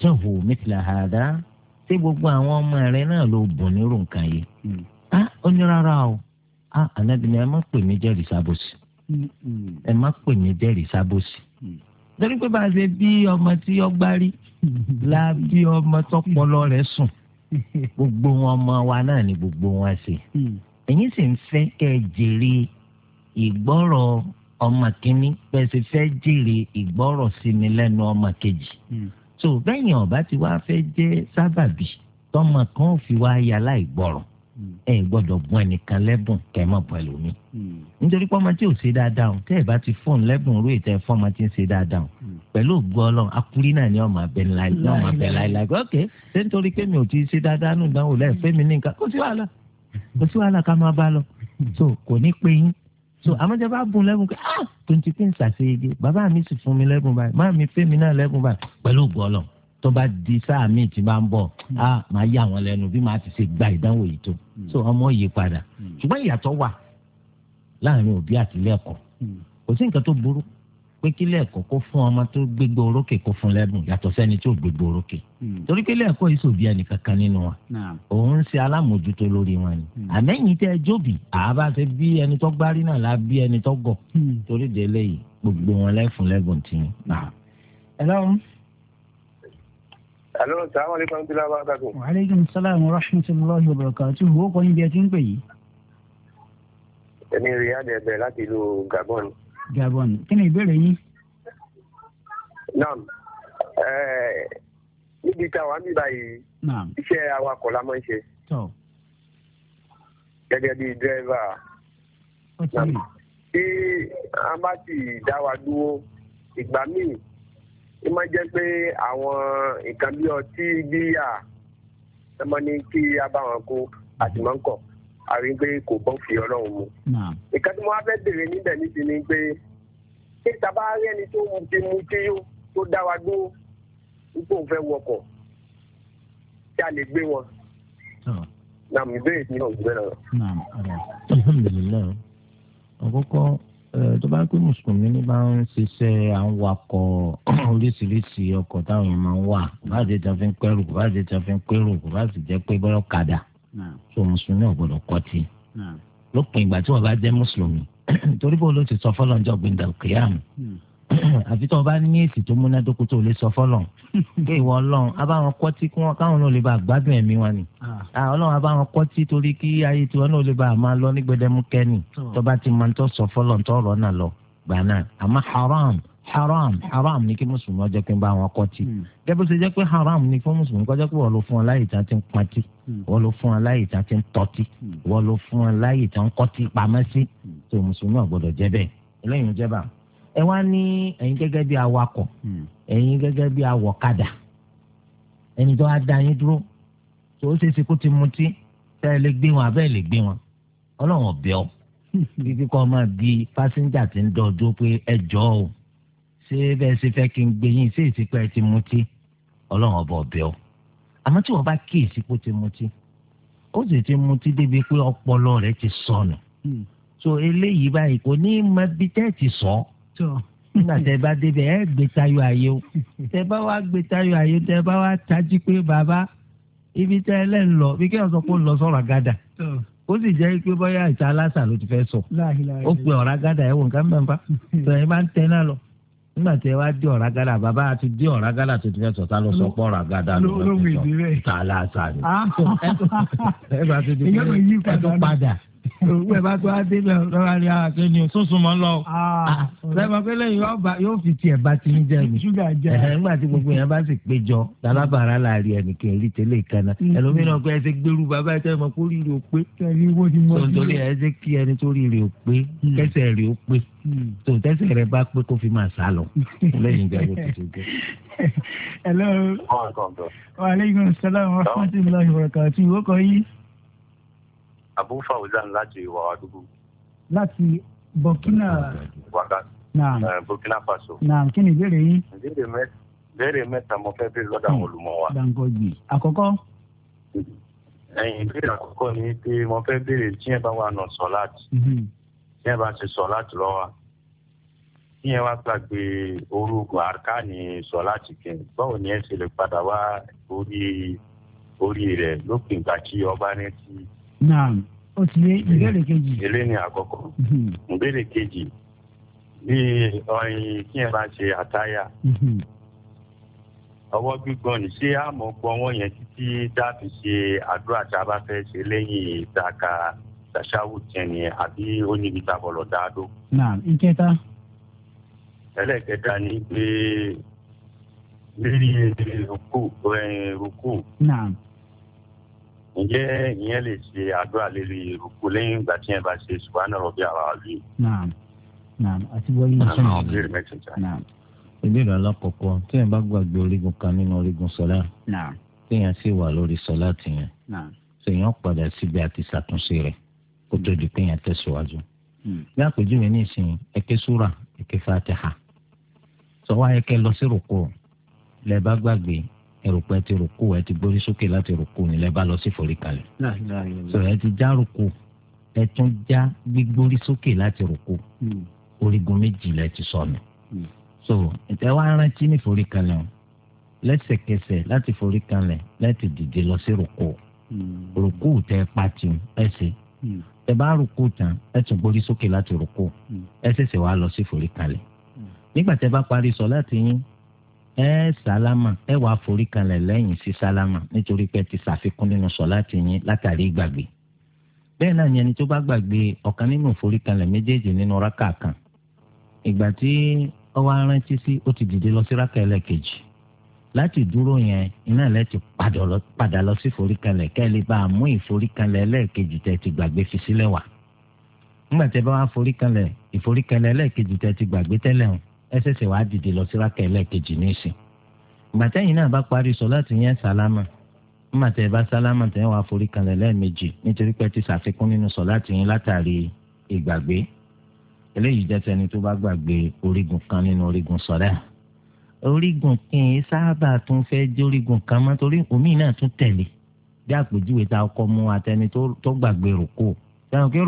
hmm. àbí gbogbo àwọn ọmọ náà ló bùn nírú nǹkan yìí hmm. ah, ó ní rárá o. ah ànábì ni ẹ má pè mí jẹ́rìí sábòsì mm-hmm. ẹ má pè mí jẹ́rìí sábòsì mm-hmm. torí pé bá a ṣe bí ọmọ tí ọgbà rí mm-hmm. la bí ọmọ tọpọlọ rẹ sùn gbogbo wọn ọmọ wa náà ni gbogbo wọn ṣe mm. ẹ̀yin sì ń fẹ́ kẹ́ ẹ jèrè ìgbọ́rọ̀ ọmọ kínní bẹ́ẹ̀ sì fẹ́ jèrè ìgbọ́rọ̀ sí mi lẹ́nu ọmọ kejì mm. so bẹ́ẹ̀ yẹn ọba ti wá fẹ́ jẹ́ sábàbí tọmọ kan ò fi wá yà láì gbọ́rọ̀ ẹ gbọ́dọ̀ bùn ẹnìkan lẹ́bùn kẹ́ ẹ má bùn ẹlòmíì. nítorí pé ọmọ tí ò ṣe dáadáa o tẹ́ ẹ bá ti fóun lẹ́bùn orí ìtẹ́ fọ́ọ̀mù tí ń ṣe dáadáa o pẹ̀lú ògbó ọlọ́run akúrí náà ni ọmọ abẹ láìláì ok ṣé nítorí pé mi ò ti ṣe dáadáa nù dánwò lẹ́yìn fẹ́ mi ní nǹkan kò sí wàhálà kò sí wàhálà ká máa bá lọ so kò ní pé yín so àmọ́jẹ́ bá bùn lẹ́bùn pé ah tó ń ti pín ìsàṣeyege bàbá mi sì fún mi lẹ́bùn báyìí má mi fẹ́ mi náà lẹ́bùn báyìí pẹ̀lú ògbó ọlọ́run tó bá di sáà míì tí bá ń bọ̀ hmm. á máa yà wọ́n lẹ́nu bí màá ti ṣe gba ìdánwò yìí tó hmm. so ọmọ yìí padà hmm. ṣùgbọ́n ìyàtọ̀ wà láàrin òbí àti ilé ẹ̀kọ́ kò sí nǹkan tó burú pé kí ilé ẹ̀kọ́ kó fún ọmọ tó gbégbó orókè kó fún lẹ́bùn yàtọ̀ sẹ́ni tó gbégbó orókè torí pé ilé ẹ̀kọ́ yìí sòbí ẹnì kankan nínú wa òun ń ṣe alámòjútó lórí wọn ni àmẹ́yìn tẹ́ jóbi àbá ṣe bí ẹni tó gbárí náà lá bí ẹni tó gọ̀ torí délé yìí gbogbo wọn lẹ́fun lẹ́bùn tì í. ẹ lọ́run. Àlọ́ sàmọ́ ní pàǹtí lábá kàkó. Wa alaikum salaam wa rahmatullahi wa barakatuh. Wo kọ́ níbi ẹ ti ń pè yìí? Ẹni rí àdẹ̀bẹ̀ láti ìlú Gabon. Gabon. Kí ni ìbéèrè yín? Naam. Níbi tí àwọn àmì báyìí, iṣẹ́ awakọ̀ la máa ń ṣe. Gẹ́gẹ́ bí dírẹ́fà. Tí a bá ti da wa dúró, ìgbà míì ó máa jẹ́ pé àwọn nǹkan bí ọtí bíyà ẹ máa ní kí a bá wọn kó àti máa ń kọ̀ àrí pé kò bọ́ fi ọlọ́run mu. nǹkan tí mo wá fẹ́ bèrè níbẹ̀ níbi ni pé ṣé tàbá rí ẹni tó mu ti mu tí tó dá wa dúró nípò fẹ́ wọkọ̀ tí a lè gbé wọn. nàmú ìbéèrè mi náà gbé náà. alhamdulilayi àkọ́kọ́. Eh, tó bá pé mùsùlùmí ní bá ń ṣiṣẹ́ à ń wakọ̀ oríṣiríṣi ọkọ̀ táwọn èèyàn máa ń wà kò bá jẹ́ tán fi ń pẹ́rù a bá jẹ́ tán fi ń pẹ́rù kò bá sì jẹ́ pé bọ́lọ̀ kadà tó mùsùlùmí ò gbọ́dọ̀ kọ́ ti lópin ìgbà tí wọ́n bá jẹ́ mùsùlùmí torí bó ló ti sọ fọlọ́njọ́ gbẹ̀ndàkìyàmù hmm. àfi tó o bá ní èsì tó múnádóko tó o lè sọ fọlọ pé ìwọ Ọlọ́run abáwọn kọtí kí wọn káwọn náà lè bá gbádùn ẹ̀mí wọn ni ah. Ọlọ́run abáwọn kọtí torí kí ayé tiwọn náà lè bá máa lọ ní gbẹdẹmukẹni tó bá ti máa ń tọ sọ fọlọ tó ọ̀rọ̀ náà lọ gbà náà àmọ́ haram haram haram ni kí mùsùlùmí ọjọ́ pé ń bá wọn kọtí hmm. gẹ́gẹ́ sọ jẹ́ pé haram ni kí mùsùlùmí kọjá pé wọ́n ló fún ọ láyè tá ti ń pati hmm. wọ́n ló fún ọ láyè tá ti ń tọ́tí hmm. wọ́n ló fún ọ láyè tá ń kọ́tí pamẹ́sí tó mùsùlùmí ò gbọ́dọ̀ bẹ́ẹ̀ eléyìí ń ẹ wá ní ẹ̀yin gẹ́gẹ́ bí awakọ̀ hmm. ẹ̀yin gẹ́gẹ́ bí awọ̀kadà ẹni tó wá da yín dúró tó o ṣe ṣe kó ti mutí tẹ́ ẹ lè gbé wọn abẹ́ ẹ lè gbé wọn ọlọ́run ọ̀bẹ ọ bíbí kọ́ máa bi pásíńjà ti ń dọ̀dọ̀ pé ẹ jọ o ṣé bẹ́ẹ̀ ṣe fẹ́ kí n gbé yín ṣé ìsìnkú ẹ ti mutí ọlọ́run ọba ọ̀bẹ ọ àmọ́ tí wọ́n bá kí ìsìnkú ti mutí ó sì ti mutí débi pé ọpọlọ rẹ̀ ti sọnù hmm. so eléyìí báyìí kò ní í mọ bí tẹ́ ẹ ti sọ ọ́ nígbà tẹ bá débẹ̀ ẹ gbé tayọ àyè o tẹ bá wá gbé tayọ àyè tẹ bá wá tají pé bàbá ibi tẹ ẹ lẹ́nu lọ bí kéèyàn sọ pé ó lọ sọ̀rọ̀ gàdà ó sì jẹ́ pé bóyá ìta aláṣà ló ti fẹ́ sọ ó pe ọ̀rá gàdà ẹ̀wọ̀n nǹkan mẹ́fà tó ẹ bá ń tẹ náà lọ nígbà tí ẹ wá dé ọ̀rá gàdà bàbá àti dé ọ̀rá gàdà tó ti fẹ́ sọ ta sọ pé ọ̀rá gàdà ló ti sọ ta aláṣà ni òwúgbẹ́ bá tó adé bẹ̀ lọ́wọ́ rí ara ah, pé ni òṣooṣù mọ́ lọ. lẹ́mọ̀ ah, ah, pé lẹ́yìn yóò fi tiẹ̀ bá ti ń jẹ mi. ṣúgà jẹ. nígbà tí gbogbo yẹn bá sì péjọ lálábàárà láàrin ẹnìkan èrí tẹ́lẹ̀ ìkànnà mm-hmm. ẹlòmíràn pé ẹ ti gbèrú bàbá ẹ tẹ́ mọ kó rí rè ó pé. tòǹtòrí ẹ ti kí ẹni tó rí rè o pé mm. kẹsẹ̀ rè ó pé tòǹtẹ́sẹ̀ mm. rẹ bá pé kó fi máa sá lọ lẹ́yìn ìgbà tó ti jẹ. hello. wa aleykum salaam wa rahmatulahi wa barakatuh abu fauzan láti wàwádùgbò. láti burkina. wàgà eh, burkina faso. naam kí ni ìbéèrè yín. ìbéèrè mẹ́ta ìbéèrè mẹ́ta mo fẹ́ bèèrè lọ́dọ̀ àwọn olùmọ̀ wa. dàǹgọ̀jì àkọ́kọ́. ẹ̀yin ìbéèrè àkọ́kọ́ ni pé mo fẹ́ bèèrè tí yẹn bá wà nà sọ́láàtì. Mm-hmm. tí yẹn bá ti sọ́láàtì lọ́wọ́ tí wá gbàgbé orúkọ àrkáàní sọ́láàtì kẹ́ báwo ni ẹ ṣe lè padà wá orí orí rẹ̀ lópin ìgbà tí ọba rẹ̀ ti naam o ti lé ìbéèrè kejì. èlé ni àkọ́kọ́ mm-hmm. ìbéèrè kejì bí ọyìn tí ẹ bá ṣe àtáyà mm-hmm. ọwọ́ gbígbọ́n ní ṣé àmọ́ gbọ́wọ́ yẹn títí dábì ṣe àdúrà tí a bá fẹ́ ṣe lẹ́yìn ìdaka ṣàṣàwù tiẹ̀ ni àbí ó níbi tàbọ̀lọ̀ dáadó. naam ìkẹta. ẹlẹ́kẹta ni pé lérí eh, rúkú. naam ǹjẹ́ ìyẹn lè ṣe àdúrà lérí ìrùkú lẹ́yìn ìgbà tí yẹn bá ṣe subhana rabbi al-azim. naam naam àti wọ́n yóò sọ̀rọ̀ ìbéèrè mẹ́tẹ̀ẹ̀ta. naam ìbéèrè alákọ̀ọ́kọ́ tí yẹn bá gbàgbé orígun kan nínú orígun sọ́lá. naam tí yẹn sì wà lórí sọ́lá ti yẹn. naam tí yẹn padà síbi àti ṣàtúnṣe rẹ̀ kó tó di pé yẹn tẹ̀síwájú. bí hmm. àpèjúwe ní ìsìn ẹ̀kẹ́ fatiha sọ wáyé kẹ́ lọ sí rùkú lẹ́ẹ̀ ẹrùpẹ́ ti rùkú ẹ ti gbórí sókè láti rùkú nílẹ̀ bá lọ sí foríkalẹ̀ so ẹ ti já rùkú ẹ tún já gbígbórí sókè láti rùkú hmm. orígun méjì lẹ ti sọnù hmm. so ìtẹ́ wá rántí ní foríkalẹ̀ o lẹ́sẹ̀kẹsẹ̀ láti foríkalẹ̀ láti dìde lọ sí rùkú hmm. rùkú tẹ pati ẹ ṣe ẹ bá rùkú tán ẹ tún gbórí sókè láti rùkú ẹ ṣẹ̀ṣẹ̀ wá lọ sí foríkalẹ̀ nígbà tẹ bá parí sọ láti yín ẹ sálámà ẹ wàá forí kanlẹ̀ lẹ́yìn sí sálámà nítorí pé ti ṣàfikún nínú sọ̀láàtì yín látàrí gbàgbé bẹ́ẹ̀ náà ni ẹni tó bá gbàgbé ọ̀kan nínú forí kanlẹ̀ méjèèjì nínú rákà kan ìgbà tí ó wá rántí sí ó ti dìde lọ sí rákà ẹlẹ́kejì láti dúró yẹn iná lẹ ti padà lọ sí forí kanlẹ̀ kẹ́lẹ́ bá a mú ìforí kanlẹ̀ ẹlẹ́kejì tẹ́ ti gbàgbé fi sílẹ̀ wà nígbà tẹ́ bá wá forí kanlẹ̀ ìforí kanlẹ̀ ẹlẹ́kejì tẹ́ ti gbàgbé tẹ́lẹ̀ hàn ẹ ṣẹ̀ṣẹ̀ wàá dìde lọ sí rákà ẹlẹ́ẹ̀kejì nísìn gbàtẹ́yìn náà bá parí sọ̀láàtì yẹn sálámà nígbà tẹ́ ẹ bá sálámà tẹ́ ẹ wàá forí kanlẹ̀ lẹ́ẹ̀mejì nítorí pé ẹ ti ṣàfikún nínú sọ̀láàtì yẹn látàrí ìgbàgbé eléyìí jẹ́ tẹni tó bá gbàgbé orígun kan nínú orígun sọ̀lá orígun kìn ín sábà tún fẹ́ jẹ́ orígun kan mọ́ torí òmíì náà tún tẹ̀lé bí àpèjúwe ta ọkọ mú atẹni tó gbàgbé rùkù tẹnu kí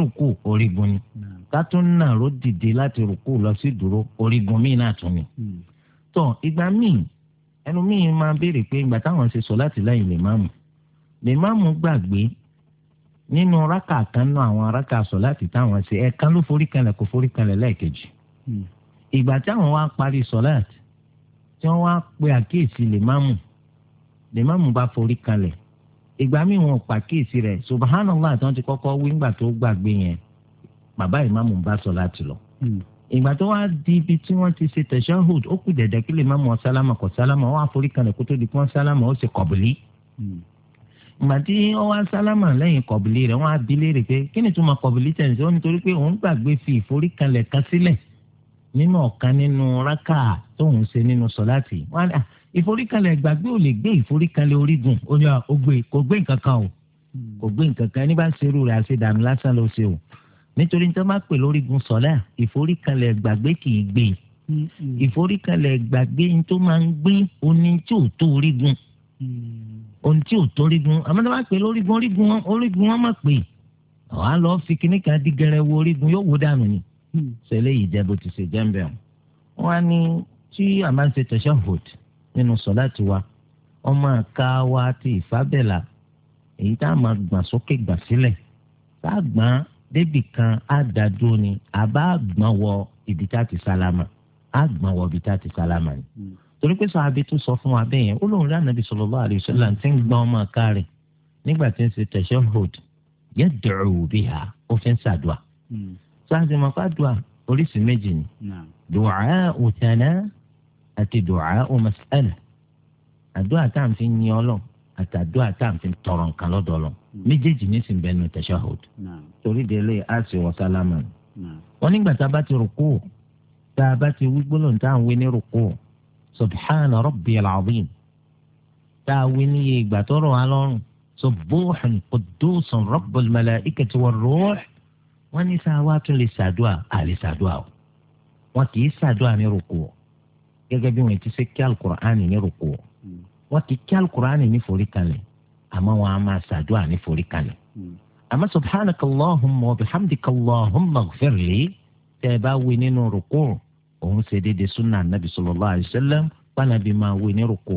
orígun ni. Mm -hmm tátún nàró dìde láti rùkú lọ sí dúró orígun míì náà tún ni. Hmm. tó ìgbà míì ẹnu míì máa béèrè pé ìgbà táwọn ṣe sọ láti lẹ́yìn lèmáàmù lèmáàmù gbàgbé nínú rákà kan náà àwọn rákà sọ láti táwọn ṣe ẹ̀ẹ̀kan ló forí kanlẹ̀ kó forí kanlẹ̀ lẹ́ẹ̀kejì. Hmm. ìgbà táwọn wá parí sọ láti tí wọ́n wá pe àkíyèsí lèmáàmù lèmáàmù bá forí kanlẹ̀ ìgbà míì wọn pàkíyèsí rẹ̀ subhanallah àti wọn ti kọ́kọ́ wí ńgbà tó gbàgbé yẹn bàbá ìmáàmù ń bá sọ láti lọ. Hmm. ìgbà tó wá di ibi tí wọ́n ti ṣe tashahhud ó kù dẹ̀dẹ̀ kí lè má mọ̀ sálámà kọ̀ sálámà ó wá forí kanlẹ̀ kó tó di pọ́n sálámà ó ṣe kọ̀bìlì. Hmm. ìgbà tí ó wá sálámà lẹ́yìn kọ̀bìlì rẹ̀ wọ́n á bi léèrè pé kí ni túmọ̀ kọ̀bìlì tẹ̀sí ó nítorí pé òun gbàgbé fi ìforí kanlẹ̀ kan sílẹ̀ nínú ọ̀kan nínú rákà tóun ṣe nínú sọ̀láàtì wọ́n á ah, ìforíkalẹ̀ gbàgbé ò lè gbé ìforíkalẹ̀ orígun ó ní ọgbẹ́ ah, kò gbé nǹkan kan o hmm. kò gbé nǹkan kan ẹni bá ń ṣerú rẹ̀ àṣedànù lásán ló ṣe o nítorí tó bá pè lórígun sọlá ìforíkalẹ̀ gbàgbé kì í gbé ìforíkalẹ̀ gbàgbé tó máa ń gbé oní tí ò tó orígun oní mm. tí ò tó orígun àmọ́ tó bá pè lórígun orígun orígun wọn máa pè ọ̀ á lọ́ọ́ fi kíní kan di gẹrẹ wo orígun yóò wo dànù ni ṣẹlẹ̀ mm. yìí jẹ́ bó ti ṣe jẹ́ ń bẹ̀ wọ́n á ní tí a máa ń ṣe tashahhud nínú sọlá tiwa ọmọ àka wa ti ìfábẹ́là èyí tá a máa gbà sókè gbà sílẹ̀ tá a gbọ́n débì kan á dàdúró ni àbá gbọ́n wọ ibi tá a ti sálámà á gbọ́n wọ ibi tá a ti sálámà ni. Hmm. torí pé sọ́hábí tún sọ fún wa bẹ́ẹ̀ yẹn ó lóun rí ànábì sallallahu alaihi wasallam tí ń gbọ́n ọmọ ká rẹ̀ nígbà tí ń ṣe tashahhud yad'u biha ó fi ń ṣàdùà. Hmm. sáàsì mọ̀ fàdùà oríṣi méjì ni du'a'u thana àti du'a'u mas'ala àdúrà tá à ń fi yin Ọlọ́run àtàdó àtàǹfin tọrọ nǹkan lọ́dọ̀ lọ méjèèjì ní sìn bẹnu tashahhud torí délé a sì wọ sálámà wọn nígbà tá a bá ti rúkú tá a bá ti wí gbólóhùn tá à ń wí ní rúkú subhana rabbiyal azim tá a wí ní iye ìgbà tó rọ̀ wá lọ́rùn subuhun qudusun rabbul malaikati war ruh wọn ní sáà wá tún lè ṣàdúà àlè ṣàdúà o wọn kì í ṣàdúà ní rúkú gẹ́gẹ́ bí wọn ti ṣe kí alukur'an ní rúkú wọn kì í kí alukur'ani ní forí kalẹ̀ àmọ́ wọn a máa ṣàdúrà ní forí kalẹ̀ àmọ́ subhanaka allahumma wa bihamdika allahumma ighfirli tẹ́ ẹ bá wí nínú rúkú òun ṣe déédéé sunna anabi sallallahu alayhi wa sallam pànàbí máa wí ní rúkú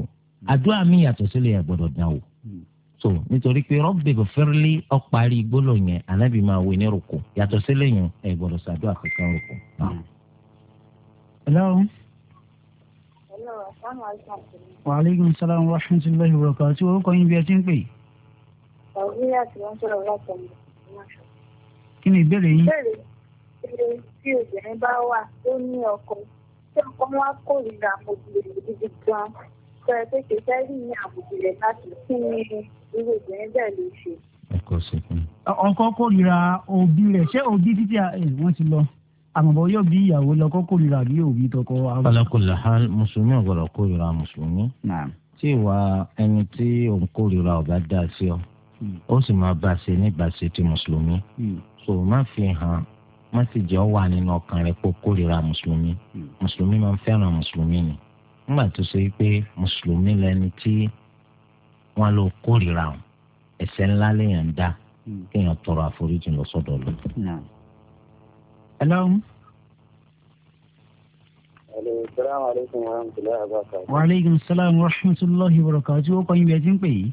àdúrà mi yàtọ̀ sílẹ̀ ẹ̀ gbọ́dọ̀ dán o so nítorí pé rabbi ighfirli ọ̀parí gbólóhùn yẹn anabi máa wí ní rúkú yàtọ̀ sílẹ̀ yẹn ẹ̀ gbọ́dọ̀ ṣàdúrà kankan rúkú wa aleykum salaam wa rahmatulahi wa barakatuh tí orúkọ yín bí ẹ ti ń pè. ọ̀gbìnrin àti wọn sọ̀rọ̀ láti ọ̀nà ìmọ̀ṣọ́. kí ni ìbéèrè yín. ìbéèrè tí obìnrin bá wà tó ní ọkọ tí ọkọ wa kórìíra àmójúlẹ̀ gidi gan-an sọ ẹ pé kìí fẹ́ rí ní àmójúlẹ̀ láti kí ni irú obìnrin bẹ́ẹ̀ lè ṣe. ọkọ kórìíra òbí rẹ̀ ṣé òbí títí wọ́n ti lọ àmọ̀bọ̀ yóò bí ìyàwó lọ kó kórìíra bí òbí tọkọ. alákòlá hàn mùsùlùmí ọ̀gbọ̀dọ̀ kórìíra mùsùlùmí. tí ìwà ẹni tí òun kórìíra ọ̀gá dá sí ọ hmm. ó sì máa bá a ṣe nígbàṣe ti mùsùlùmí. Hmm. so má fi hàn má sì jẹ́ ọ wà nínú ọkàn rẹ pé kórìíra mùsùlùmí hmm. mùsùlùmí máa ń fẹ́ràn mùsùlùmí ni nígbà tó ṣe pé mùsùlùmí lẹni tí wọ́n lọ kórìíra ẹ̀ṣẹ̀ ńlá lèèyàn dá kéèyàn tọrọ àforíjì lọ sọ́dọ̀ lọ. Hello. Aleykum wa rahmatulahi wa barakatuh. Wa aleykum salaam wa rahmatulahi wa barakatuh. Ó kọ́ yín bí ẹ ti ń pè yìí.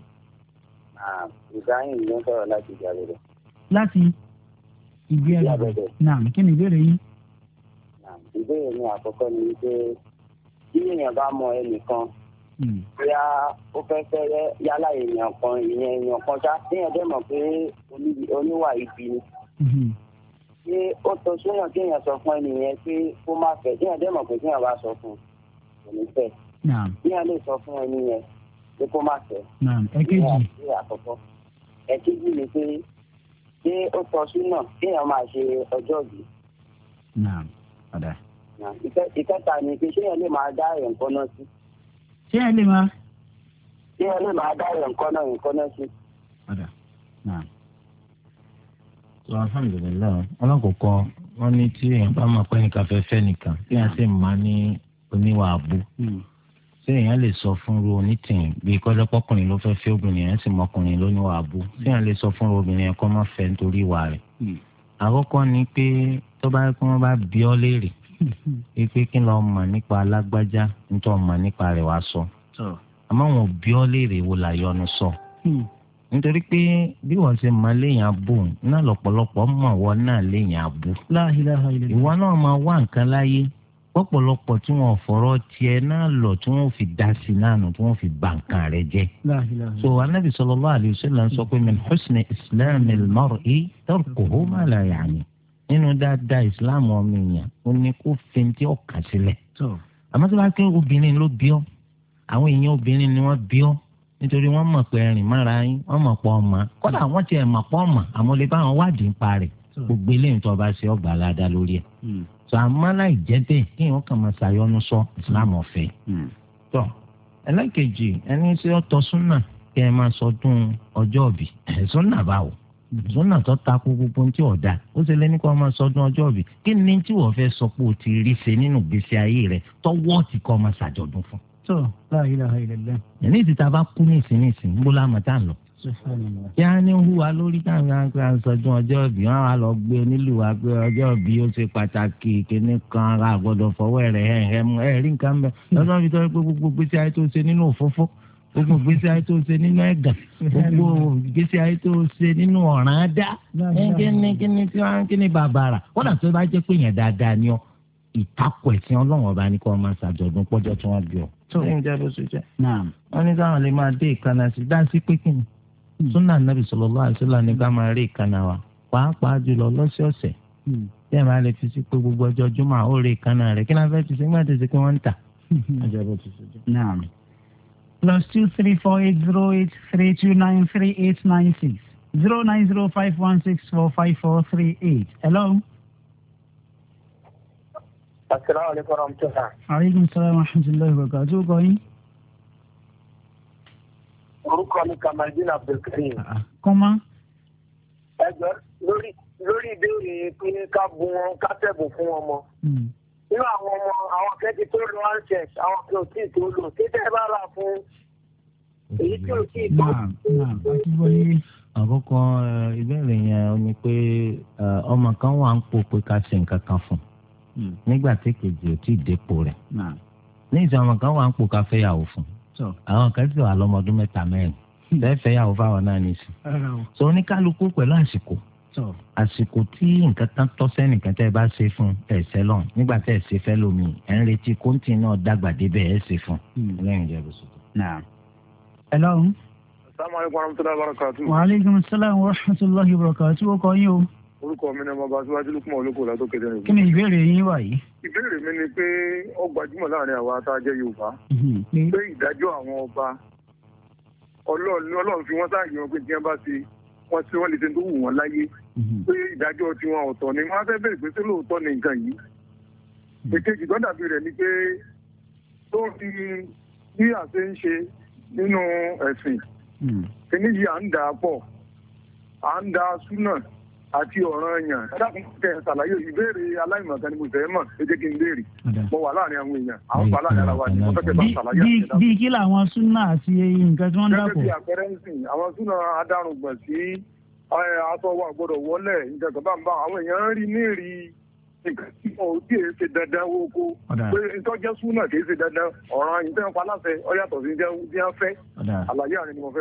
Ibrahim ló ń sọ̀rọ̀ láti ìgbà rẹ̀. Láti ìgbé ẹgbẹ́. Nàám kí ni ìbéèrè yín? Nàám ìbéèrè mi àkọ́kọ́ ni pé bí èèyàn bá mọ ẹnìkan hmm. bóyá ó fẹ́ fẹ́rẹ́ yálà èèyàn kan ìyẹn èèyàn kan ṣá téèyàn dẹ̀ mọ̀ pé oníwà ibi ni. Hmm ṣé ó tọ́ sóyàn kéèyàn sọ fún ẹnìyẹn pé kó má fẹ́ kéèyàn dẹ́mọ̀ pé kéèyàn bá sọ fún kò ní fẹ́ kéèyàn lè sọ fún ẹnìyẹn pé kó má fẹ́ kéèyàn ṣe àkọ́kọ́ ẹ̀kejì ni pé ṣé ó tọ́ sóyàn kéèyàn máa ṣe ọjọ́ ìbí. ìkẹta ni pé ṣéyàn lè máa dá ẹ̀ nǹkan náà sí. ṣéyàn lè máa. ṣéyàn lè máa dá ẹ̀ nǹkan náà nǹkan sí tó alhamdulilayi alákòókò wọn ní tí èèyàn bá máa pẹ́ nìkan fẹ́ fẹ́ nìkan tí wọ́n sì máa ní oníwà àbú hmm. tí èèyàn lè sọ fún ru onítìyìn bíi kọ́lọ́pọ́kùnrin ló fẹ́ fẹ́ obìnrin yẹn sì mọkùnrin lóníwà àbú tí èèyàn lè sọ fún ru obìnrin yẹn kó má fẹ́ nítorí ìwà rẹ̀ hmm. àkọ́kọ́ ni pé tó bá kí wọ́n bá bí ọ léèrè hmm. pé kí lọ́ọ́ mọ̀ nípa alágbájá nítorí mọ̀ nípa rẹ̀ wá sọ àmọ́ wọn bí ọ léèrè wo làyọnu sọ nítorí pé bí wọ́n ṣe máa léèyàn abò náà lọ́pọ̀lọpọ̀ mọ̀ wọ́n náà léèyàn abò. ìwọ náà máa wá nǹkan láyé pọ̀pọ̀lọpọ̀ tí wọ́n fọ̀rọ̀ tiẹ̀ náà lọ tí wọ́n fi dá sí náà nù tí wọ́n fi bà nǹkan rẹ̀ jẹ́. so anabi sallallahu alaihi wasallam sọ pé min husni islam al-mar'i tarkuhu ma la ya'ni nínú dáadáa islam ọmọ èèyàn ó ní kó fintí ọkàn sílẹ̀. àmọ́ tí wọ́n á kí obìnrin ló bí ọ́ àwọn èèyàn obìnrin ni wọ́n bí ọ́ nítorí wọ́n mọ̀ pé ẹ̀rìn mára yín wọ́n mọ̀ pọ̀ ọmọ kódà wọ́n ti ẹ̀ mọ̀ pọ̀ ọmọ àwọn lè bá wọn wádìí ń rẹ̀ gbogbo eléyìí tó bá ṣe ọgbà aládá lórí ẹ̀ tó hmm. àmọ́ láì jẹ́ bẹ́ẹ̀ kí wọ́n kàn máa ṣàyọnu sọ Islam ọ̀fẹ́. Hmm. tó ẹlẹ́kejì ẹni tí ó tọ́ súnà kí ẹ máa sọdún ọjọ́ òbí súnà báwo hmm. súnà tó takò gbogbo tí ò dáa ó ṣe lẹ́ni kó máa sọdún ọjọ́ kí ni tí wọ́n fẹ́ sọ pé o ti rí ṣe nínú gbèsè ayé rẹ̀ tọ́wọ́ ti kọ́ máa ṣàjọ̀dún fún tó láàyè láàyè lẹ́lẹ́. ẹni tí ta bá kú ní ìsinmi ìsìn ń bó láàmú tá à ń lọ. yá ni ń hùwà lórí táwọn àgbà ń sọdún ọjọ́ ìbí wọn á lọ gbé nílùú àgbẹ̀ ọjọ́ ìbí ó ṣe pàtàkì kíní kan ara àgbọ̀dọ̀ fọwọ́ rẹ̀ ẹ̀hẹ̀ mú ẹ̀ rí nǹkan bẹ́ẹ̀ lọ́sọ̀rọ̀ fi tọ́ pé gbogbo gbèsè ayé tó ṣe nínú òfófó gbogbo gbèsè ayé tó ṣe nínú ẹ̀gàn gbogbo gbèsè ayé tó ṣe nínú ọ̀ràn á dá kíni kíni tí wọ́n kíni bàbàrà wọ́n dà tó ìtakò ẹ̀sìn ọlọ́run ọba ni kí wọ́n máa ṣàjọ̀dún pọ́jọ́ tí wọ́n bí ọ. tó ń jẹ́ bó ṣe jẹ́. wọ́n ní káwọn lè máa dé ìkànnà sí dáńsí pínpín. Hmm. súnà nàbì sallallahu alaihi wasallam ní ká máa rí ìkànnà wa pàápàá jùlọ lọ́sọ̀ọ̀sẹ̀. bí hmm. ẹ máa lè fi sí pé gbogbo ọjọ́ jùmọ̀ ó rí ìkànnà rẹ̀ kí náà fẹ́ fi sí nígbà tó ṣe pé wọ́n hmm. plus two three four eight zero eight three two nine three eight nine six zero nine zero five one six four five four three eight hello asalaamualeykum wa rahmatulah. aleykum salaam wa rahmatulah ibaka àti orúkọ yín. orúkọ mi kamaldin abdulkareem. Ah, ah. kọ́má. ẹ jọ lórí lórí ìbéèrè pé ká bu wọn ká tẹ̀bù fún ọmọ. nínú hmm. àwọn ọmọ àwọn akẹ́kì tó lo ansẹ̀s àwọn kan ò tí ì tó lò títẹ̀ bá rà fún èyí tí ò tí ì tó. àkọ́kọ́ eh, ìbéèrè yẹn ni pé eh, ọmọ kan wà ń pò pé ká ṣe nǹkan kan fún un Hmm. nígbà tí kejì ò tí ì dépò rẹ̀ ní ìsọ àwọn kan wà ń pò ká fẹ́yàwó fún àwọn kan sì wà lọ́mọdún mẹ́ta mẹ́rin bẹ́ẹ̀ hmm. fẹ́yàwó fáwọn náà nìsí so oníkálukú pẹ̀lú àsìkò àsìkò tí nǹkan tán tọ́ sẹ́nìkan tẹ́ ẹ bá ṣe fún ẹ ṣe lọ́n nígbà tẹ́ ẹ ṣe fẹ́ lómi ẹ̀ ń retí kóńtì náà dàgbà débẹ̀ ẹ ṣe fún hmm. lẹ́yìn ìjẹ́bù sọ̀tọ̀. ẹ lọ́run. assalamu alaikum orúkọ mi ni ọmọ ọba síwájú lókùnmọ̀ olóko látó kéde nìkan. kí ni ìbéèrè yín wà yìí. ìbéèrè mi ni pé ó gbajúmọ̀ láàrin àwa tá a jẹ́ yorùbá mhm. pé ìdájọ́ àwọn ọba ọlọ́run fi wọ́n sáàyè wọn pé tí wọ́n bá ṣe wọ́n ṣe wọ́n lè ṣe tó wù wọ́n láyé mhm. pé ìdájọ́ tiwọn ọ̀tọ̀ ni wọ́n á fẹ́ bẹ̀rẹ̀ pé ṣé lóòótọ́ ni nǹkan yìí. Mhm. èkejì tó dàbí rẹ̀ ni pé tó fi bí àṣẹ ń ṣe nínú ẹ̀sìn kìnìyí àti ọ̀ràn èèyàn dákùnkẹ́ ṣàlàyé ìbéèrè aláìmọ̀kan ni mo fẹ́ mọ̀ ẹ jẹ́ kí n béèrè mo wà láàrin àwọn èèyàn àwọn wà láàrin ara wa ni mo fẹ́ bá ṣàlàyé àti kí làwọn súnà àti nǹkan tí wọ́n ń dàpọ̀. gẹ́gẹ́ bí àpẹẹrẹ ń sìn àwọn súnà sí aṣọ wa wọlé nǹkan bá ń bá àwọn èèyàn rí ní nǹkan tí ò tí ì ṣe dandan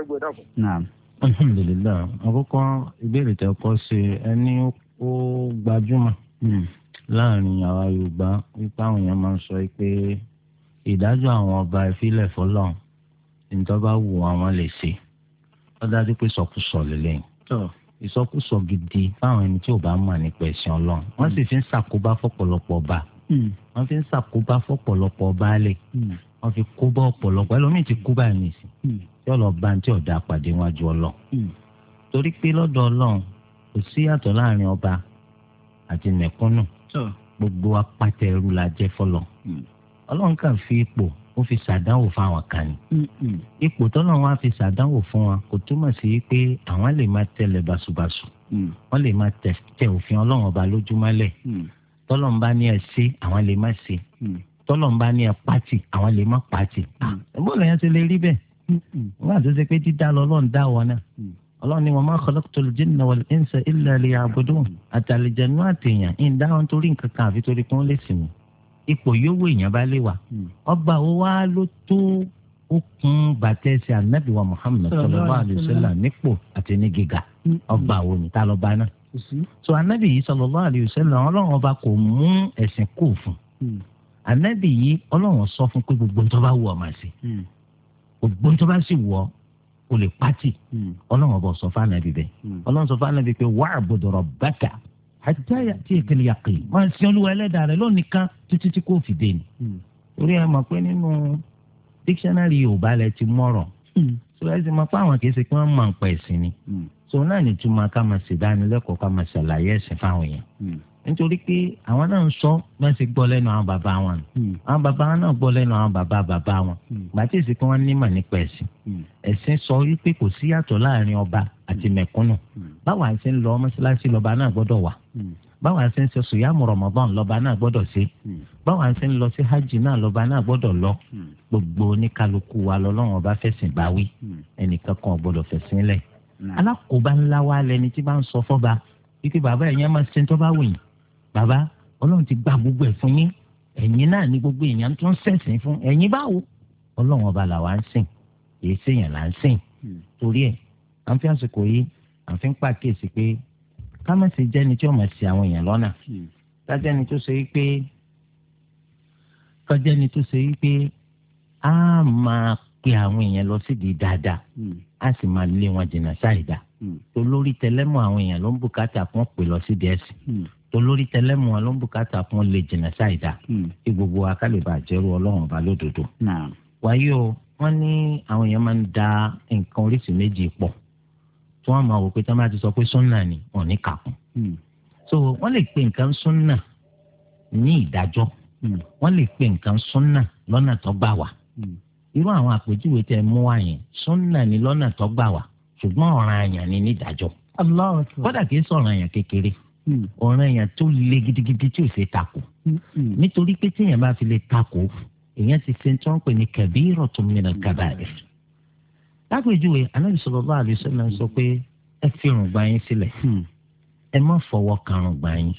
pé alhamdulilayi àkọ́kọ́ ìbéèrè tẹ kọ sí ẹni ó gbajúmọ̀ hmm. láàrin àwa yorùbá wípé àwọn èèyàn máa ń sọ pé ìdájọ́ àwọn ọba ìfilẹ̀ fọlọ́n ìjọba wù àwọn lè ṣe ó dájú pé sọkúsọ lélẹ́yìn ìsọkúsọ gidi fáwọn ẹni tí ò bá mọ̀ nípa ẹ̀sìn ọlọ́run hmm. wọ́n sì fi ń ṣàkóbá fọ́pọ̀lọpọ̀ ọba hmm. wọ́n fi ń ṣàkóbá fọ́pọ̀lọpọ̀ ọba lè wọ́n fi kóbá ọ̀pọ̀lọpọ̀ ẹlòmíì ti kú báyìí nìsín yóò lọ bá tí ọ̀dà pàdé wájú ọlọ. Hmm. torí pé lọ́dọ̀ ọlọ́run kò sí yàtọ̀ láàrin ọba àti mẹ̀kúnnù gbogbo apátẹ ẹrú la jẹ́ fọlọ́. Hmm. ọlọ́run kàn fi ipò ó fi ṣàdánwò fáwọn kan ni. Hmm, ipò tọ́lọ́ wọn á fi ṣàdánwò fún wa kò túmọ̀ sí pé àwọn lè máa tẹ̀lé basubasu wọ́n lè máa tẹ̀ òfin ọlọ́run ọba lójúmọ́lẹ̀ tọ́lọ́ ń bá ní ẹ̀ ṣe àwọn lè má ṣe tọ́lọ̀ ń bá ní ẹ pàtì àwọn lè má pàtì. bọ́ọ̀lù yẹn ti lè rí bẹ́ẹ̀ wọ́n àti ṣe pé dídá lọ ọlọ́run dá wọn náà hmm. ọlọ́run ni wọ́n máa khalaqtul jinna wal insa illa liya'budun àtàlẹ́jẹ̀nú àtẹ̀yàn ń dá wọn torí nǹkan kan àfi torí kí wọ́n lè sìn mí ipò yówó èèyàn bá lè wà hmm. ọgbà wo wá ló tó okùn bàtẹ́sì ànábì wa Muhammad sallallahu alayhi wa sallam nípò àti ní gíga hmm. ọgbà wo ni tá lọ bá náà so ànábì yìí sallallahu alayhi ọlọ́run ọba kò mú ẹ̀sìn kò fún ànábì yìí ọlọ́run sọ fún pé gbogbo tó bá wù ọ́ gbogbo tó bá sì wọ o lè pati hmm. ọlọ́run ọba sọ fáànà bí bẹ́ẹ̀ hmm. ọlọ́run sọ fáànà bí pé wa'budu rabbaka hatta ya'tiyakal yaqin máa ń sin olúwa ẹlẹ́dàá rẹ lónìí kan títí tí kò fi dé ni. Hmm. torí ẹ mọ̀ pé nínú dictionary yorùbá lẹ ti mọ̀rọ̀ so ẹ sì mọ̀ pé àwọn kìí ṣe pé wọ́n máa ń pa ẹ̀sìn ni so náà nìtúmọ̀ ká máa ṣèdánilẹ́kọ̀ọ́ ká máa ṣàlàyé ẹ̀sìn fáwọn èèyàn nítorí pé àwọn náà ń sọ bá ṣe gbọ́ lẹ́nu àwọn bàbá wọn hmm. àwọn bàbá wọn náà gbọ́ lẹ́nu àwọn bàbá bàbá wọn hmm. gbàtí èsì kí wọ́n nímọ̀ nípa ẹ̀sìn hmm. ẹ̀sìn sọ wípé kò sí yàtọ̀ láàrin ọba àti mẹ̀kúnnù báwa ṣe ń lọ mọ́ṣáláṣí lọ́ba náà gbọ́dọ̀ wà báwa ṣe ń sọ sùyàmù rọmọbọ́n lọ́ba náà gbọ́dọ̀ ṣe báwa ṣe ń lọ sí hajj náà lọ́ba náà gbọ́dọ̀ lọ gbogbo oníkálukú wa lọ́lọ́run ọba fẹ̀sìn báwí ẹnìkan kan gbọ́dọ̀ fẹ̀sìn lẹ̀ alákòóbá ńlá wa lẹni tí bá ń sọ fọ́ba wípé bàbá ẹ̀yẹn máa ṣe tó bá wù Baba, ọlọ́run ti gba gbogbo ẹ̀ fún yín ẹ̀yin náà ni gbogbo èèyàn tó ń ṣẹ̀sìn fún ẹ̀yin báwo ọlọ́run ọba làwa ń sìn èyí sèèyàn là ń sìn hmm. torí ẹ̀ à ń fi àsìkò yìí à ń fi ń pàkíyèsí pé ká má ṣe jẹ́ni tí ó máa ṣì àwọn èèyàn lọ́nà hmm. ká jẹ́ni tó ṣe wípé ká jẹ́ni tó ṣe wípé á máa pe àwọn èèyàn lọ sídìí dáadáa á hmm. sì máa lé wọn jìnnà sáìdá tó lórí tẹlẹ́mọ̀ àwọn èèyàn ló ń bùkátà kan pè lọ sídìí ẹ̀sìn olórí tẹlẹmù wọn ló ń bùkátà fún lè jìnnà ṣáìdá hmm. kí gbogbo akálẹ̀bà jẹ́rú ọlọ́run ọba lódodo. wáyé o wọ́n ní àwọn èèyàn máa ń da nǹkan oríṣi méjì pọ̀ tí wọ́n máa wò pé tí bá ti sọ pé súnà ni wọ́n ní kàkún. Hmm. so wọ́n lè pe nǹkan súnà ní ìdájọ́ hmm. wọ́n lè pe nǹkan súnà lọ́nà tó gbà wá. irú àwọn àpèjúwe tẹ mú wá yẹn súnà ni lọ́nà tó gbà wá ṣùgbọ́n ọ̀ràn àyàn ni nídàájọ́. kódà kìí sọ̀ràn àyàn kékeré. Hmm. ọ̀ràn èèyàn tó le gidigidi tí ò ṣe takò hmm. hmm. nítorí pé téèyàn bá fi lè takò èèyàn ti fi tó ń pè ní kẹbíìrọ̀ tó mìíràn gàdá rẹ̀. lápèjúwe anábì sallallahu alaihi wasallam sọ pé ẹ fi rùngbà yín sílẹ̀ ẹ má fọwọ́ kan rùngbà yín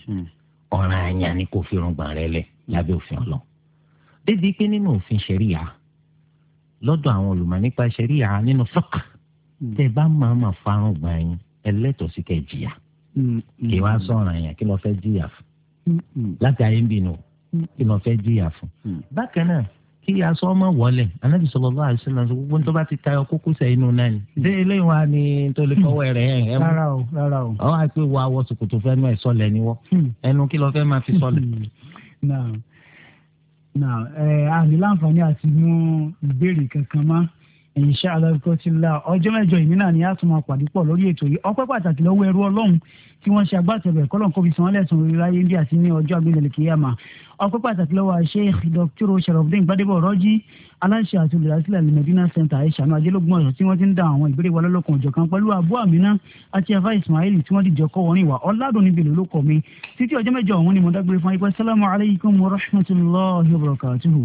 ọ̀ràn àyàn ni kò fi rùngbà rẹ̀ lẹ̀ lábẹ́ òfin ọlọ́ débi pé nínú òfin ṣẹ̀ríyà lọ́dọ̀ àwọn olùmọ̀ nípa ṣẹ̀ríyà nínú fọ́ọ̀kà tẹ́ bá máa máa fa yín ẹlẹ́tọ̀ọ́ sí kẹ́ Mm-hmm. kì í wá sọ̀rọ̀ yẹn kí lọ́ọ́ fẹ́ jìyà fún mm-hmm. láti ayé ń bínú kí lọ́ọ́ fẹ́ jìyà fún. Mm-hmm. bákan náà kí aṣọ ọmọ wọlé anabi sọlọ bá àṣẹ náà sọ gbogbo nítorí bá ti tayọ kókó sẹ́yìn nù náà ni. ṣé eléyìí wá ní nítorí fọwọ́ rẹ̀ ẹ̀ ẹ̀ mú. rárá o rárá o. ọ̀ àti wọ awọ sòkòtò fẹ́ nù ẹ̀ sọlẹ̀ ni wọ́. ẹnu kí lọ́ọ́ fẹ́ máa fi sọlẹ̀. náà náà ẹ àlè láǹfààní àti mú ìbéèrè kankan máa insha Allah kọtíla ọjọ́ mẹ́jọ ìní náà ni a tún máa pàdé pọ̀ lórí ètò yìí ọpẹ́ pàtàkì lọ́wọ́ ẹrú ọlọ́run tí wọ́n ṣe agbátẹ̀bẹ̀ kọ́lọ́n kó fi san lẹ́sùn orí láyé bí àti ní ọjọ́ agbẹ́lẹ̀ kìyàmà ọpẹ́ pàtàkì lọ́wọ́ Sheikh Dr. Sharafdin Gbadebo Rọ́jí aláṣẹ àti olùdásílẹ̀ alimẹdínà center aishanu ajẹlógún ọ̀sán tí wọ́n ti ń da àwọn ìbéèrè wa lọ́lọ́kan ọ̀jọ̀kan pẹ̀lú abu amina àti afa ismail tí wọ́n ti jọ kọ́ wọn ìwà ọ̀làdùnní bèlè ló kọ́ mi títí ọjọ́ mẹ́jọ ọ̀hún ni mo dágbére fún ayípa sálámù alaykum wa rahmatulahi wa barakatuhu.